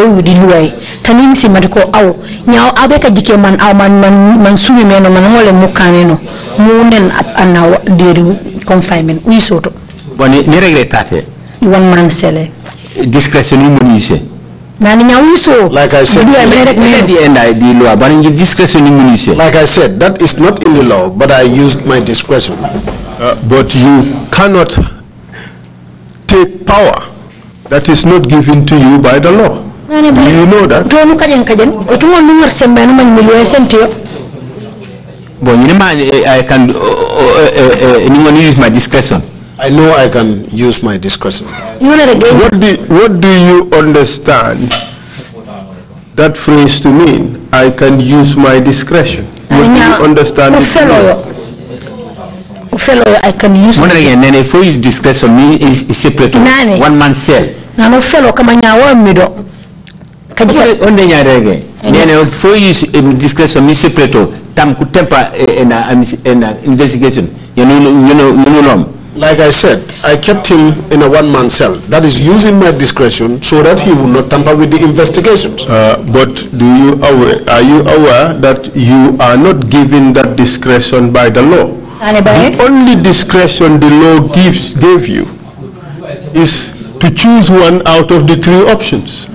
tanin si aw nyaw abe ka jike man aw man man, man sumi meno man ngole mukane no munen anaw diru confinement wi soto bon ni regretate wan man sele discretion ni munise na ni so like i said rek di di loi bon ni discretion ni like i said that is not in the law but i used my discretion uh, but you cannot take power that is not given to you by the law. You know that. Bon, eh, eh, I can uh, uh, uh, use my discretion. I know I can use my discretion. What do, what do you understand that phrase to mean? I can use my discretion. What do you understand it fellow I can use mwandere nene fo use discretion mi separate nani one man cell nano fellow kama nyawa mido kaji onde nyarege nene fo use discretion mi separate tam ku tempa ena eh, eh, ena eh, investigation you know you know you know like I said, I kept him in a one-man cell. That is using my discretion so that he would not tamper with the investigations. Uh, but do you aware, are you aware that you are not given that discretion by the law? The only discretion the law gives gave you is to choose one out of the three options.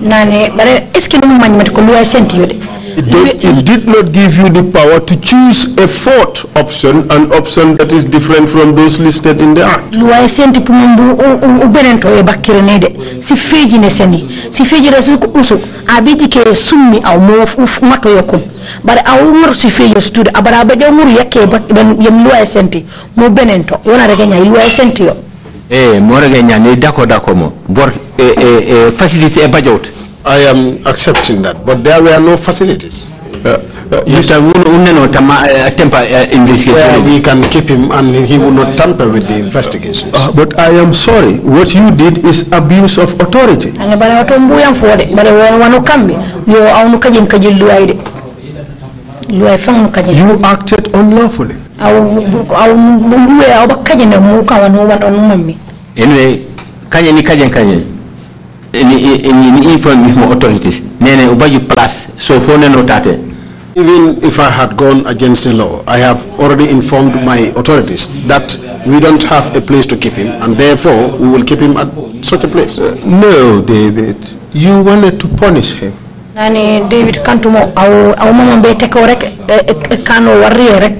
It, did, it did not give you the power to choose a fourth option, an option that is different from those listed in the Act. Luai senti pumundu uberento e bakire nede. Si feji ne sendi. Si feji resuku usu. Abiji ke summi au mof uf mato yokum. Bara au umru si feji studi. Abara abeja umru yake yem luai senti. Mu benento. Yona regenya luai senti yo. Eh, mo regenya ne dako dako mo. Bor eh eh eh facility e budget. I am accepting that, but there were no facilities. Uh, uh, yes. Uh, uh, Where we can keep him and he will not tamper with the investigations. Uh, but I am sorry, what you did is abuse of authority. You acted unlawfully. Anyway, kanye ni kanye kanye. Even if I had gone against the law, I have already informed my authorities that we don't have a place to keep him and therefore we will keep him at such a place. Uh, no, David. You wanted to punish him. Nani David kantumo au mama be teko rek kano warrior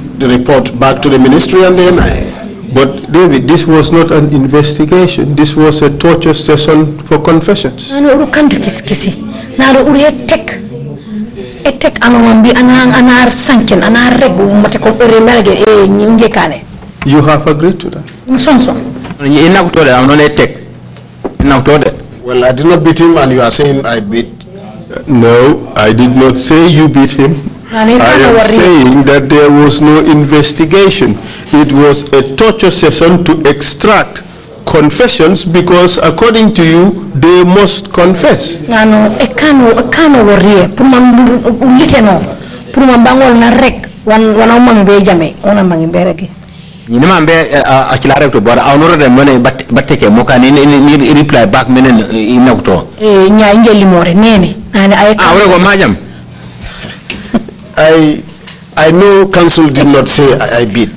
the report back to the ministry and the MI. But David, this was not an investigation. This was a torture session for confessions. I know can't Ano uru kandu kiskisi. Naro uru etek. Etek anawambi anar anar sankin anar regu mateko ere melge e nyinge kane. You have agreed to that. Msonso. Ina kutole anone etek. Ina kutole. Well, I did not beat him and you are saying I beat. No, I did not say you beat him. I am saying that there was no investigation. It was a torture session to extract confessions because according to you they must confess nano e kano e kano worie pour man uliteno pour bangol na rek wan wana man be eh, ni be to ni ni reply back menen eh, inawto e eh, nya njeli more nene nani ay awre ah, majam I, I know council did not say I, I bid,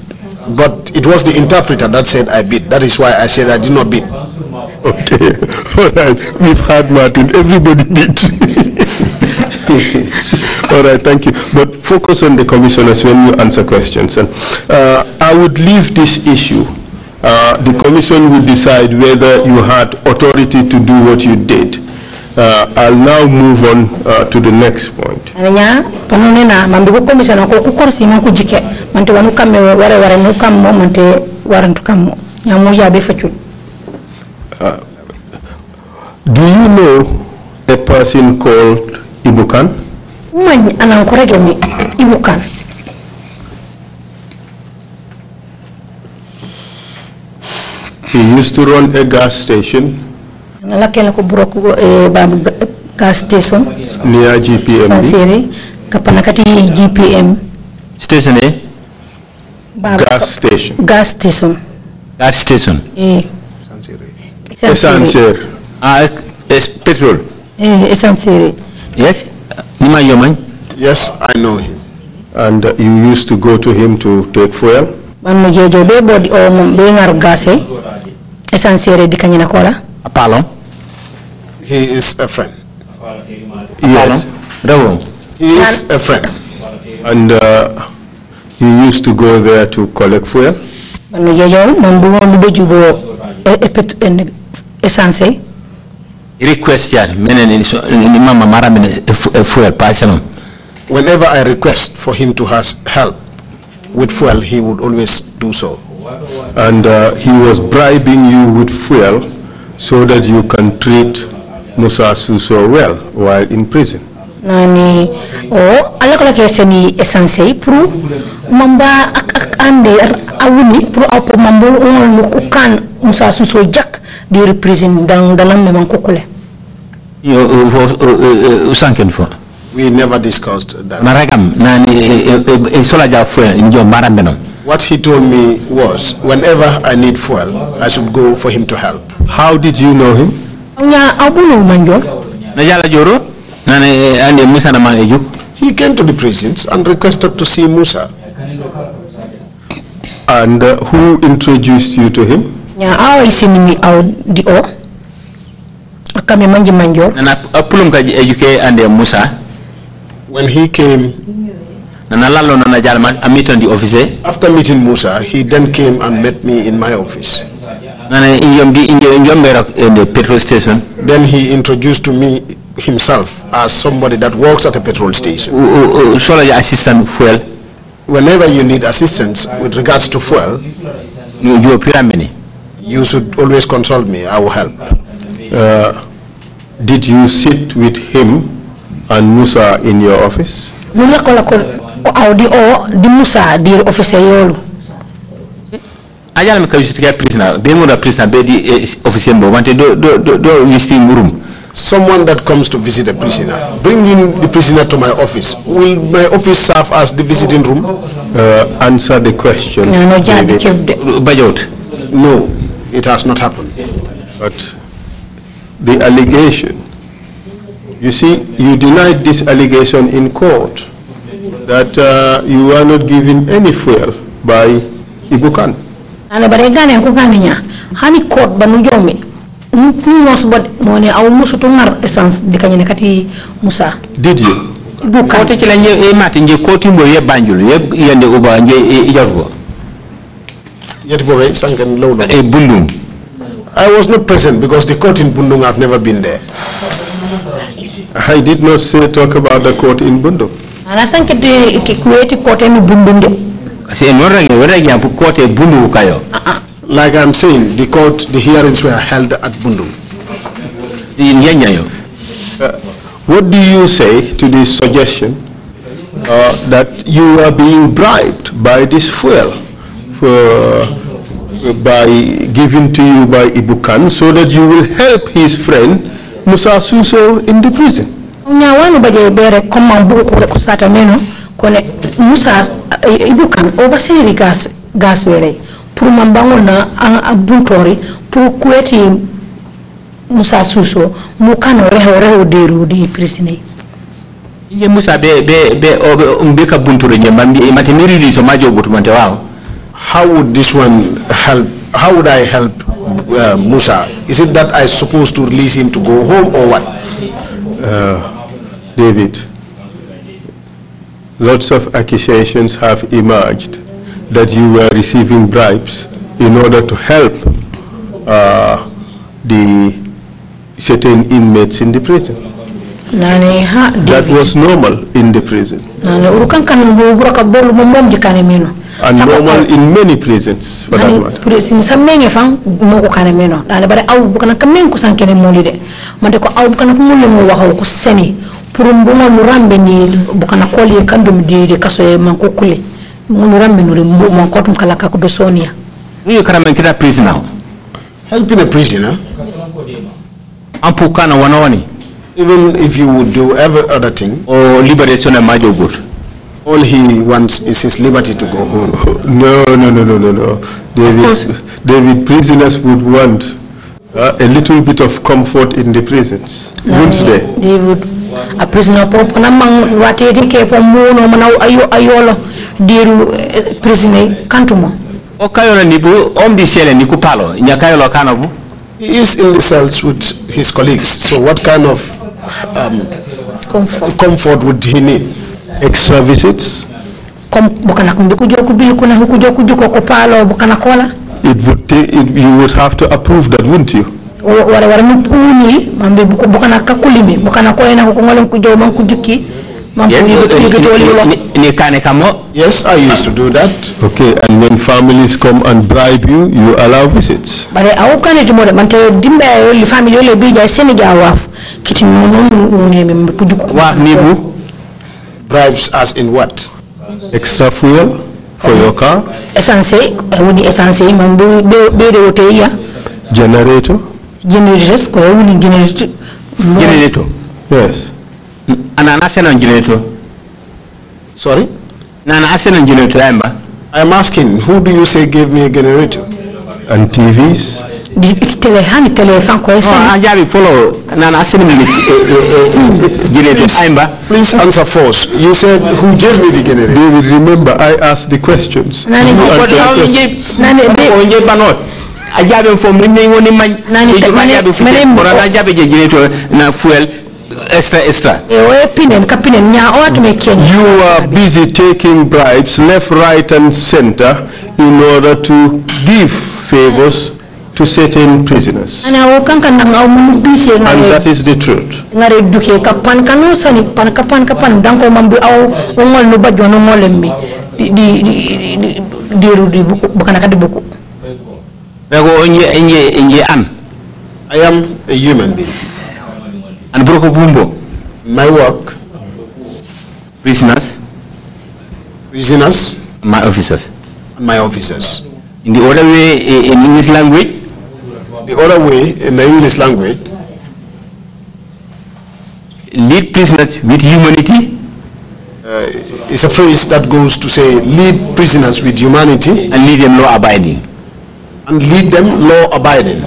but it was the interpreter that said I bid. That is why I said I did not bid. Okay, all right. We've had Martin. Everybody bid. all right, thank you. But focus on the commissioners when you answer questions. And uh, I would leave this issue uh, the commission will decide whether you had authority to do what you did. Uh, I'll now move on uh, to the next point. Anya panone na mambiku komisa na kokukor siman kujike mante wanuka me ware ware nuka mo mante warantuka mo nyamu ya be uh, Do you know a person called Ibukan? Ibukan. He used to run a gas station lakel ko burok gas station niya gpm kati gpm station gas station gas station gas station essentiel eh. eh, ah eh, es petrol eh essentiel yes nima yoman yes i know him and uh, you used to go to him to take fuel ban oh, mo jejo be bodi o mum be ngar gasé essentiel di kanyina kola apalon He is a friend. Yes. He is a friend. And uh, used to go there to collect fuel? Whenever I request for him to has help with fuel, he would always do so. And uh, he was bribing you with fuel so that you can treat Suso well while in prison. nani ala kala mamba ak ak ande awuni apo musa suso di prison dalam memang yo we never discussed that What he told me was, whenever I need fuel, I should go for him to help. How did you know him? He came to the prisons and requested to see Musa. And uh, who introduced you to him? When he came after meeting Musa, he then came and met me in my office petrol station. Then he introduced to me himself as somebody that works at a petrol station. assistant fuel. Whenever you need assistance with regards to fuel, you should always consult me. I will help. Uh, did you sit with him and Musa in your office? Eh, officier mbo wante do do do do someone that comes to visit a prisoner bring in the prisoner to my office will my office serve as the visiting room uh, answer the question no no uh, budget no it has not happened but the allegation you see you denied this allegation in court that uh, you were not given any fuel by Ibukan. ane bare gane ko kan nya hani kod banu jomi nuno mo ne aw musutu nar essence di kany ne kati musa didi bu ka to ci la ñe e mati ñe ko mo ye banjul ye yende uba ñe e jorgo yet bo way sangan law e bundum i was not present because the court in bundung i've never been there i did not say talk about the court in bundung ana sanke de ki kuweti court en bundung de Like I'm saying, the court, the hearings were held at Bundu. Uh, what do you say to this suggestion uh, that you are being bribed by this fuel for, uh, by given to you by Ibukan so that you will help his friend Musa Suso in the prison? kone musa eh, ibu kan o basiri gas gas wele pour man bangol na an buntori pour kueti musa suso mukan kano reho reho deru di prisine ye musa be be be obe be um be ka buntoro je mambi e mate meri li so majo botu man taw how would this one help how would i help uh, musa is it that i supposed to release him to go home or what uh, david lots of accusations have emerged that you were receiving bribes in order to help uh, the certain inmates in the prison. That was normal in the prison. And normal in many prisons for that matter purumbunga nurambe ni bukana koli kando mdiri kaso ya manko kule nurambe nuri mbu manko tum kala ka kudosonia ni karama kida prisoner helping a prisoner ampukana wanawani even if you would do every other thing or liberation and major good all he wants is his liberty to go home no no no no no no david david prisoners would want uh, a little bit of comfort in the prisons uh, wouldn't they they would a prisoner po pana mang wateri ke po muno mana ayo ayolo diru eh, prisoner kantumo o kayola ni bu omdi sele ni ku palo nya kayola kana bu he is in the cells with his colleagues so what kind of um, comfort. comfort would he need extra visits kom bukana kumbi kujo kubil kuna hukujo kujuko bukana kola it would take, it, you would have to approve that wouldn't you wara wara mu puuni mambe buko bokana kakulimi bokana ko ena ko ngolem ku jow man ku jukki mam yes, ni, ni kane kamo yes i used to do that okay and when families come and bribe you you allow visits bare aw kane jumo de man te dimbe li family le bi jay senegal waf kiti no no ne mi ku jukku wa ni bu bribes as in what extra fuel for your car essence eh, woni essence mam bu be de wote ya generator generator square will generator no. generator yes an national generator sorry Ananasi national generator i'm asking who do you say gave me a generator and tvs telehani telefan kwa hiyo anjali follow na na generator please answer first you said who gave me the generator david remember i asked the questions nani kwa nje nani kwa a jaaɓe en fof min neyngoni mañ ma jaaɓe fite kono ala jaaɓe je jine to na fuel extra extra you are busy taking bribes left right and center in order to give favors to certain prisoners and that is the truth ngare I am a human being. And Broko Bumbo. My work. Prisoners. Prisoners. my officers. And my officers. In the other way, eh, in English language? The other way, in the English language. Lead prisoners with humanity. Uh, it's a phrase that goes to say, lead prisoners with humanity. And lead them law abiding and lead them law abiding.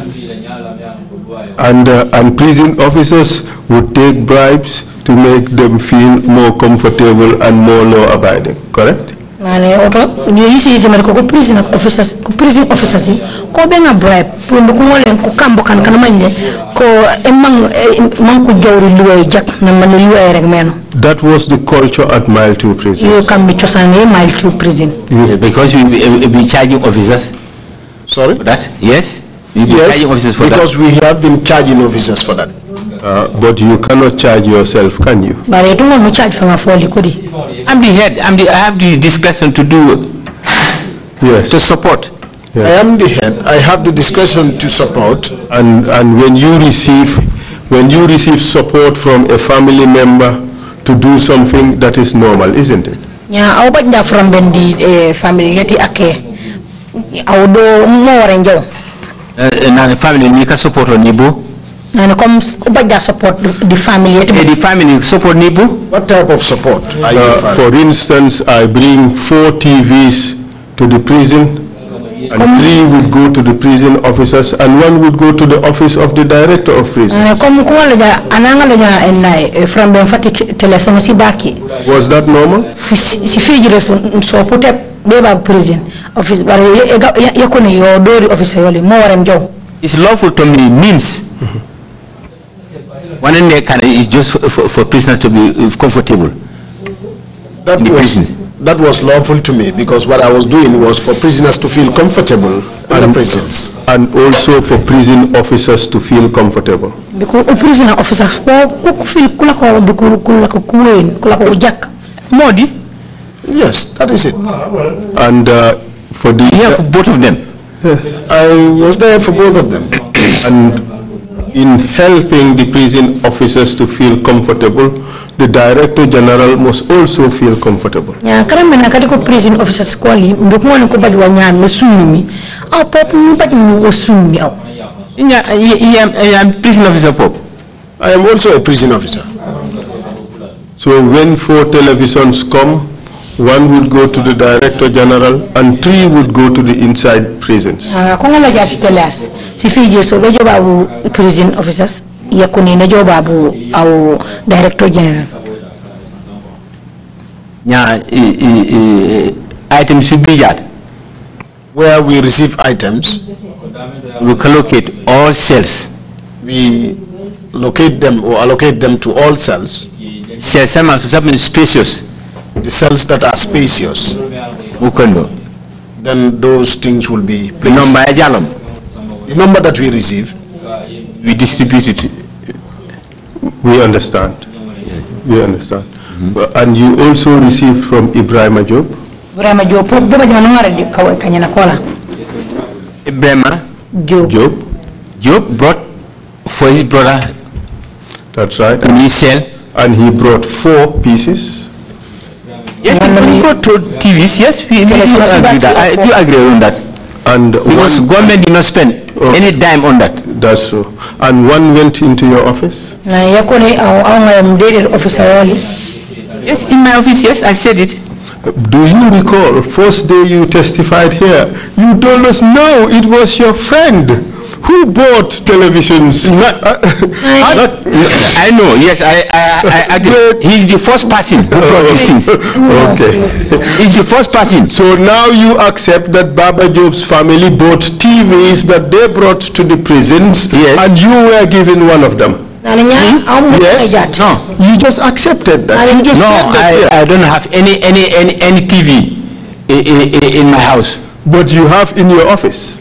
And, uh, and prison officers would take bribes to make them feel more comfortable and more law abiding, correct? prison officers prison officers bribe that was the culture at mile 2 prison you can be chosen eh, mile 2 prison because we be charging officers Sorry? For that? Yes? yes, because that. we have been charging officers for that. Uh, but you cannot charge yourself, can you? But I don't want to charge for my family. I'm the head. I'm the, I have the discretion to do, yes. to support. Yes. I am the head. I have the discretion to support. And, and when you receive, when you receive support from a family member to do something, that is normal, isn't it? Yeah, I opened that from the eh, family, get the aw do moore eh, eh, And the family ni ka support ni bo nane comme ubadja support the family the eh, family support Nibu. what type of support uh, for instance i bring four tvs to the prison and three would go to the prison officers and one would go to the office of the director of prison. Was that normal? It's lawful to me means one in there is just for, for, for, prisoners to be comfortable that in the prisons. That was lawful to me because what I was doing was for prisoners to feel comfortable and, in the prisons. And also for prison officers to feel comfortable. Because prisoner officers feel Modi? Yes, that is it. And uh, for the... Yeah, for both of them. I was there for both of them. and in helping the prison officers to feel comfortable, the director general must also feel comfortable. Yeah, prison officers au pop au. I am prison officer pop. I am also a prison officer. So when four televisions come, one would go to the Director General and three would go to the inside prisons. Ah, prison officers yakuni na joba bu au Director General. Yeah, item should be that where we receive items, we allocate all cells. We locate them or allocate them to all cells. Cells are spacious the cells that are spacious, then those things will be placed. Number the number that we receive, we distribute it. We understand. We understand. Mm -hmm. And you also received from Ibrahim Job. Ibrahim Job. Ibrahim Job. Job. Job brought for his brother. That's right. And he And he brought four pieces. Yes, normally, go to TVs. Yes, we, do agree that. I do agree on that. And because one, government did not spend okay. Oh. any dime on that. That's so. And one went into your office. Na officer only. Yes, in my office. Yes, I said it. Do you recall first day you testified here? You told us no, it was your friend who bought televisions? Not, uh, I, not, I know, yes, I, I, I, I did. He's the first person who brought these things. Okay. He's the first person. So now you accept that Baba Job's family bought TVs that they brought to the prisons yes. and you were given one of them. Hmm? Yes. No. You just accepted that. You just no, that I, I don't have any, any, any, any TV in, in, in my house. But you have in your office.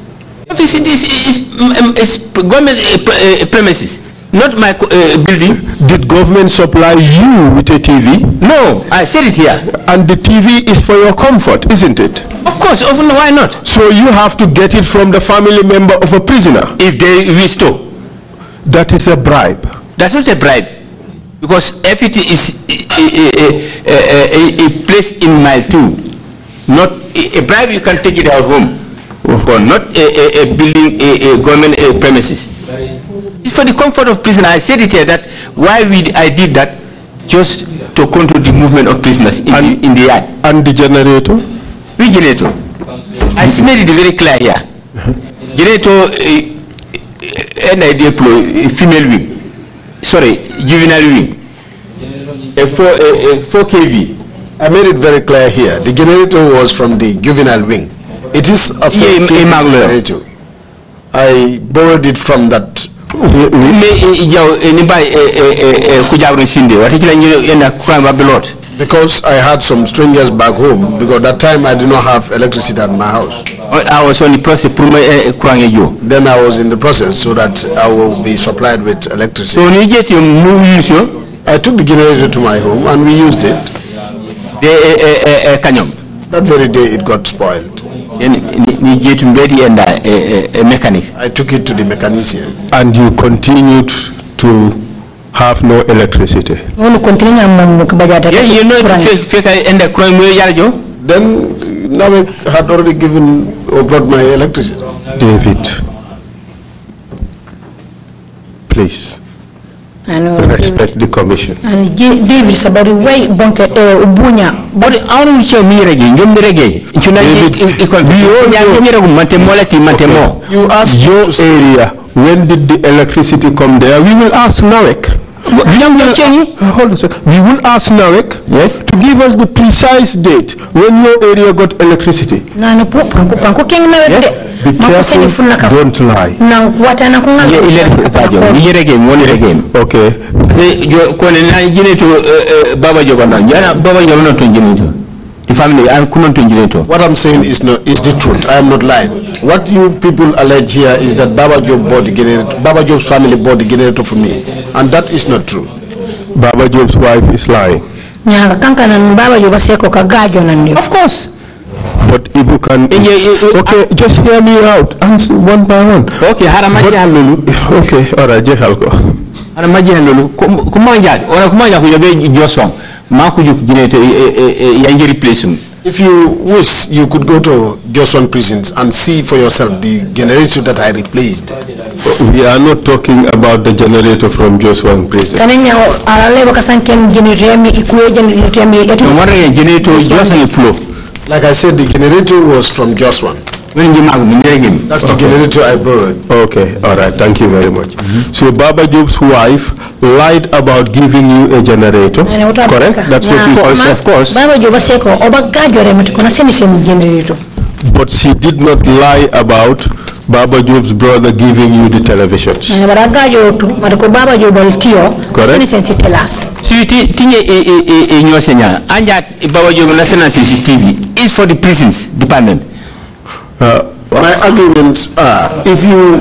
Office is, is, mm, is government eh, eh, premises, not my uh, building. Did government supply you with a TV? No, I said it here. And the TV is for your comfort, isn't it? Of course, often why not? So you have to get it from the family member of a prisoner? If they wish to. That is a bribe. That's not a bribe. Because everything is a, a, a, a, place in my two. Not a bribe you can take it out home of not a, a, a building, a, a government a premises. It's for the comfort of prisoners. I said it here that why we, I did that, just to control the movement of prisoners in, and, the, in the yard. And the generator? generator. I made it very clear here. Uh-huh. generator, uh, an uh, idea pro, female wing, sorry, juvenile wing, a 4, a, a 4 kV. I made it very clear here. The generator was from the juvenile wing. It is a fake nature. I borrowed it from that. Because I had some strangers back home, because that time I did not have electricity at my house. Oh, I was in the process. Eh, then I was in the process so that I will be supplied with electricity. So you get your I took the generator to my home and we used it. Eh, eh, that very day it got spoiled a eh, eh, eh, mechanic. I took it to the mechanician. And you continued to have no electricity. Yeah, you know, then I had already given or brought my electricity. David, please. respect the commission. And David sabari wai bonke ubunya. Bodi awon che mi regi, ngem mi regi. Chuna ikon bio ya mi regu mante molati mante mo. You ask area when did the electricity come there? We will ask NAWEC. Uh, hold on, We will ask NAWEC yes. to give us the precise date when your area got electricity. Yes. Be careful, don't lie. Okay. Eh, okay. What I'm saying is no, is the truth. I am not lying. What you people allege here is that Baba Job bought the generator, Baba Job's family bought the generator for me, and that is not true. Baba Job's wife is lying. Of course. But if you can, eh, yeah, yeah, yeah, okay, just hear me out. Answer one by one. Okay, haramaji lulu. Okay, alright, jehalko. Haramaji lulu. Kumanja, ora kumanja kujabe josong. Eh, eh, eh, if you wish, you could go to Joshua prisons and see for yourself the generator that I replaced. We are not talking about the generator from Joshua prison. generator, flow. Like I said, the generator was from Joshua. That's the okay. I borrowed. Okay, all right, thank you very much. Mm -hmm. So Baba Job's wife lied about giving you a generator, correct? That's yeah. what you also, of course. Baba Job seko obagajore mutukona senisim generator. But she did not lie about Baba Job's brother giving you the televisions. Correct? suti tinye e e e e nyosenya anja Baba Job lasena CCTV It's for the prisons dependent. Uh, my arguments are if you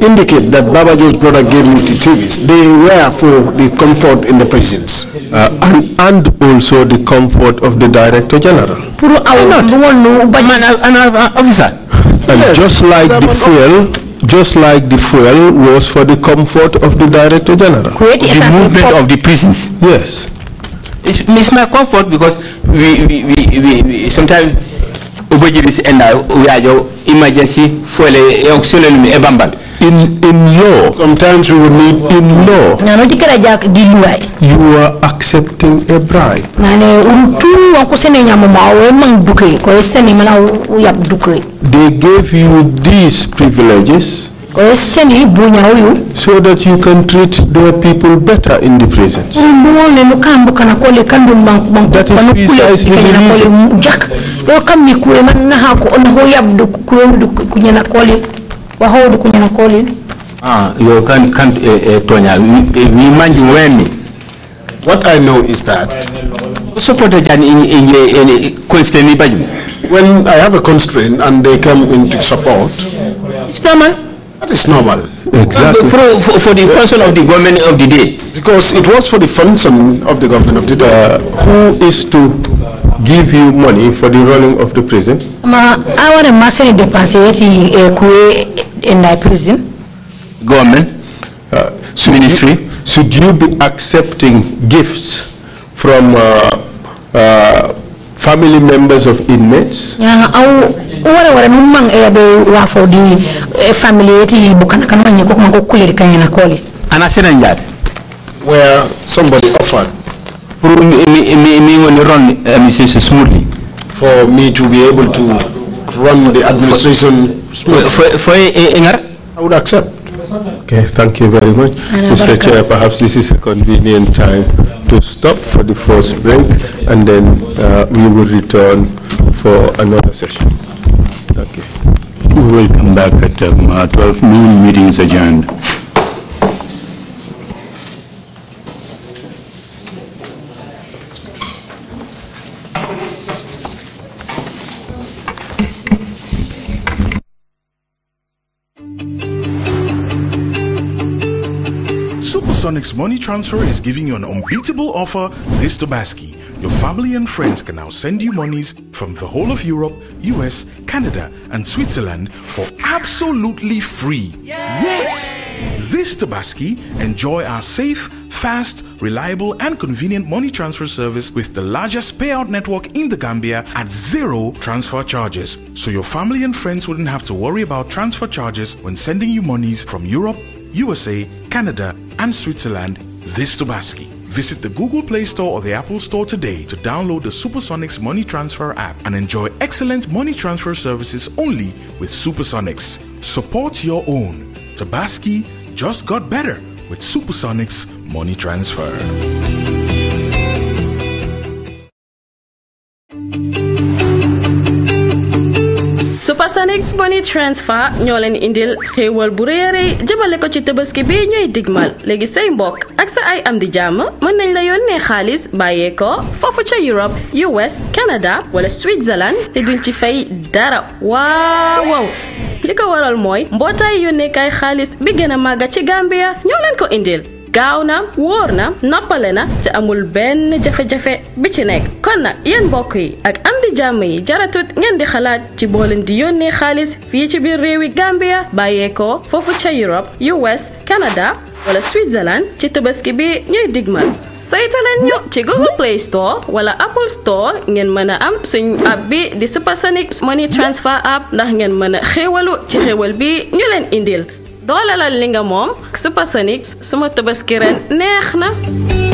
indicate that Baba Joe's brother gave me the TVs, they were for the comfort in the prisons. Uh, and, and also the comfort of the Director General. Why not? Uh, an, an uh, officer. And yes, just like the fuel, just like the fuel was for the comfort of the director general. the movement of the prisons. Yes. It's, it's my comfort because we, we, we, we, we sometimes obedience and uh, we are your emergency for the auxiliary eh, e eh, bambal in in law sometimes we would need in law you are accepting a bribe they gave you these privileges so that you can treat the people better in the prisons. That is precisely the reason. Ah, you can't, can't uh, Tonya, we, eh, we imagine What I know is that when I have a constraint and they come to support, it's normal. That is normal. Exactly. For, for, for, the function of the government of the day. Because it was for the function of the government of the day. Uh, who is to give you money for the running of the prison? Ma, I want a master depense uh, in the prison. Government? Uh, should ministry? You, should you be accepting gifts from uh, uh family members of inmates? Yeah, wara wara num mang e be fo di e family ti bu kan man ko man ko kulir kan na koli ana senen jaat where somebody offered pour mi mi mi woni ron mi eh, se smoothly for me to be able to run the administration smoothly for for engar i would accept Okay, thank you very much. Mr. Chair, perhaps this is a convenient time to stop for the first break and then uh, we will return for another session. Okay. Welcome back at um, 12 noon, meetings adjourned. Supersonics Money Transfer is giving you an unbeatable offer this Tobaski. Your family and friends can now send you monies from the whole of Europe, US, Canada, and Switzerland for absolutely free. Yay! Yes! This Tabaski, enjoy our safe, fast, reliable, and convenient money transfer service with the largest payout network in the Gambia at zero transfer charges. So your family and friends wouldn't have to worry about transfer charges when sending you monies from Europe, USA, Canada, and Switzerland. This Tabaski. Visit the Google Play Store or the Apple Store today to download the Supersonics Money Transfer app and enjoy excellent money transfer services only with Supersonics. Support your own. Tabaski just got better with Supersonics Money Transfer. Legs Money Transfer ñoo leen indil xéewal bu rëy a jëmale ko ci tabaski bi ñooy digmal léegi say mbokk ak sa ay am di jàmm mën nañ la yónnee xaalis bàyyee ko foofu ca Europe US Canada wala Switzerland te duñ ci fay dara waaw waaw li ko waral mooy mbootaay yónneekaay xaalis bi gën a màgga ci Gambia ñoo leen ko indil gaaw na wóor na noppale na te amul benn jafe-jafe bi ci nekk kon nag yéen mbokk yi ak am di jàmm yi jaratut ngeen di xalaat ci boo di yónnee xaalis fii ci biir réewi Gambia bàyyeekoo foofu ca Europe US Canada wala Switzerland ci tabaski bi ñuy digmal saytaleen ñu ci Google Play Store wala Apple Store ngeen mën a am suñ app bi di Supersonic Money Transfer app ndax ngeen mën a xéewalu ci xéewal bi ñu leen indil doolalal li nga moom Supersonics suma tabaski ren neex na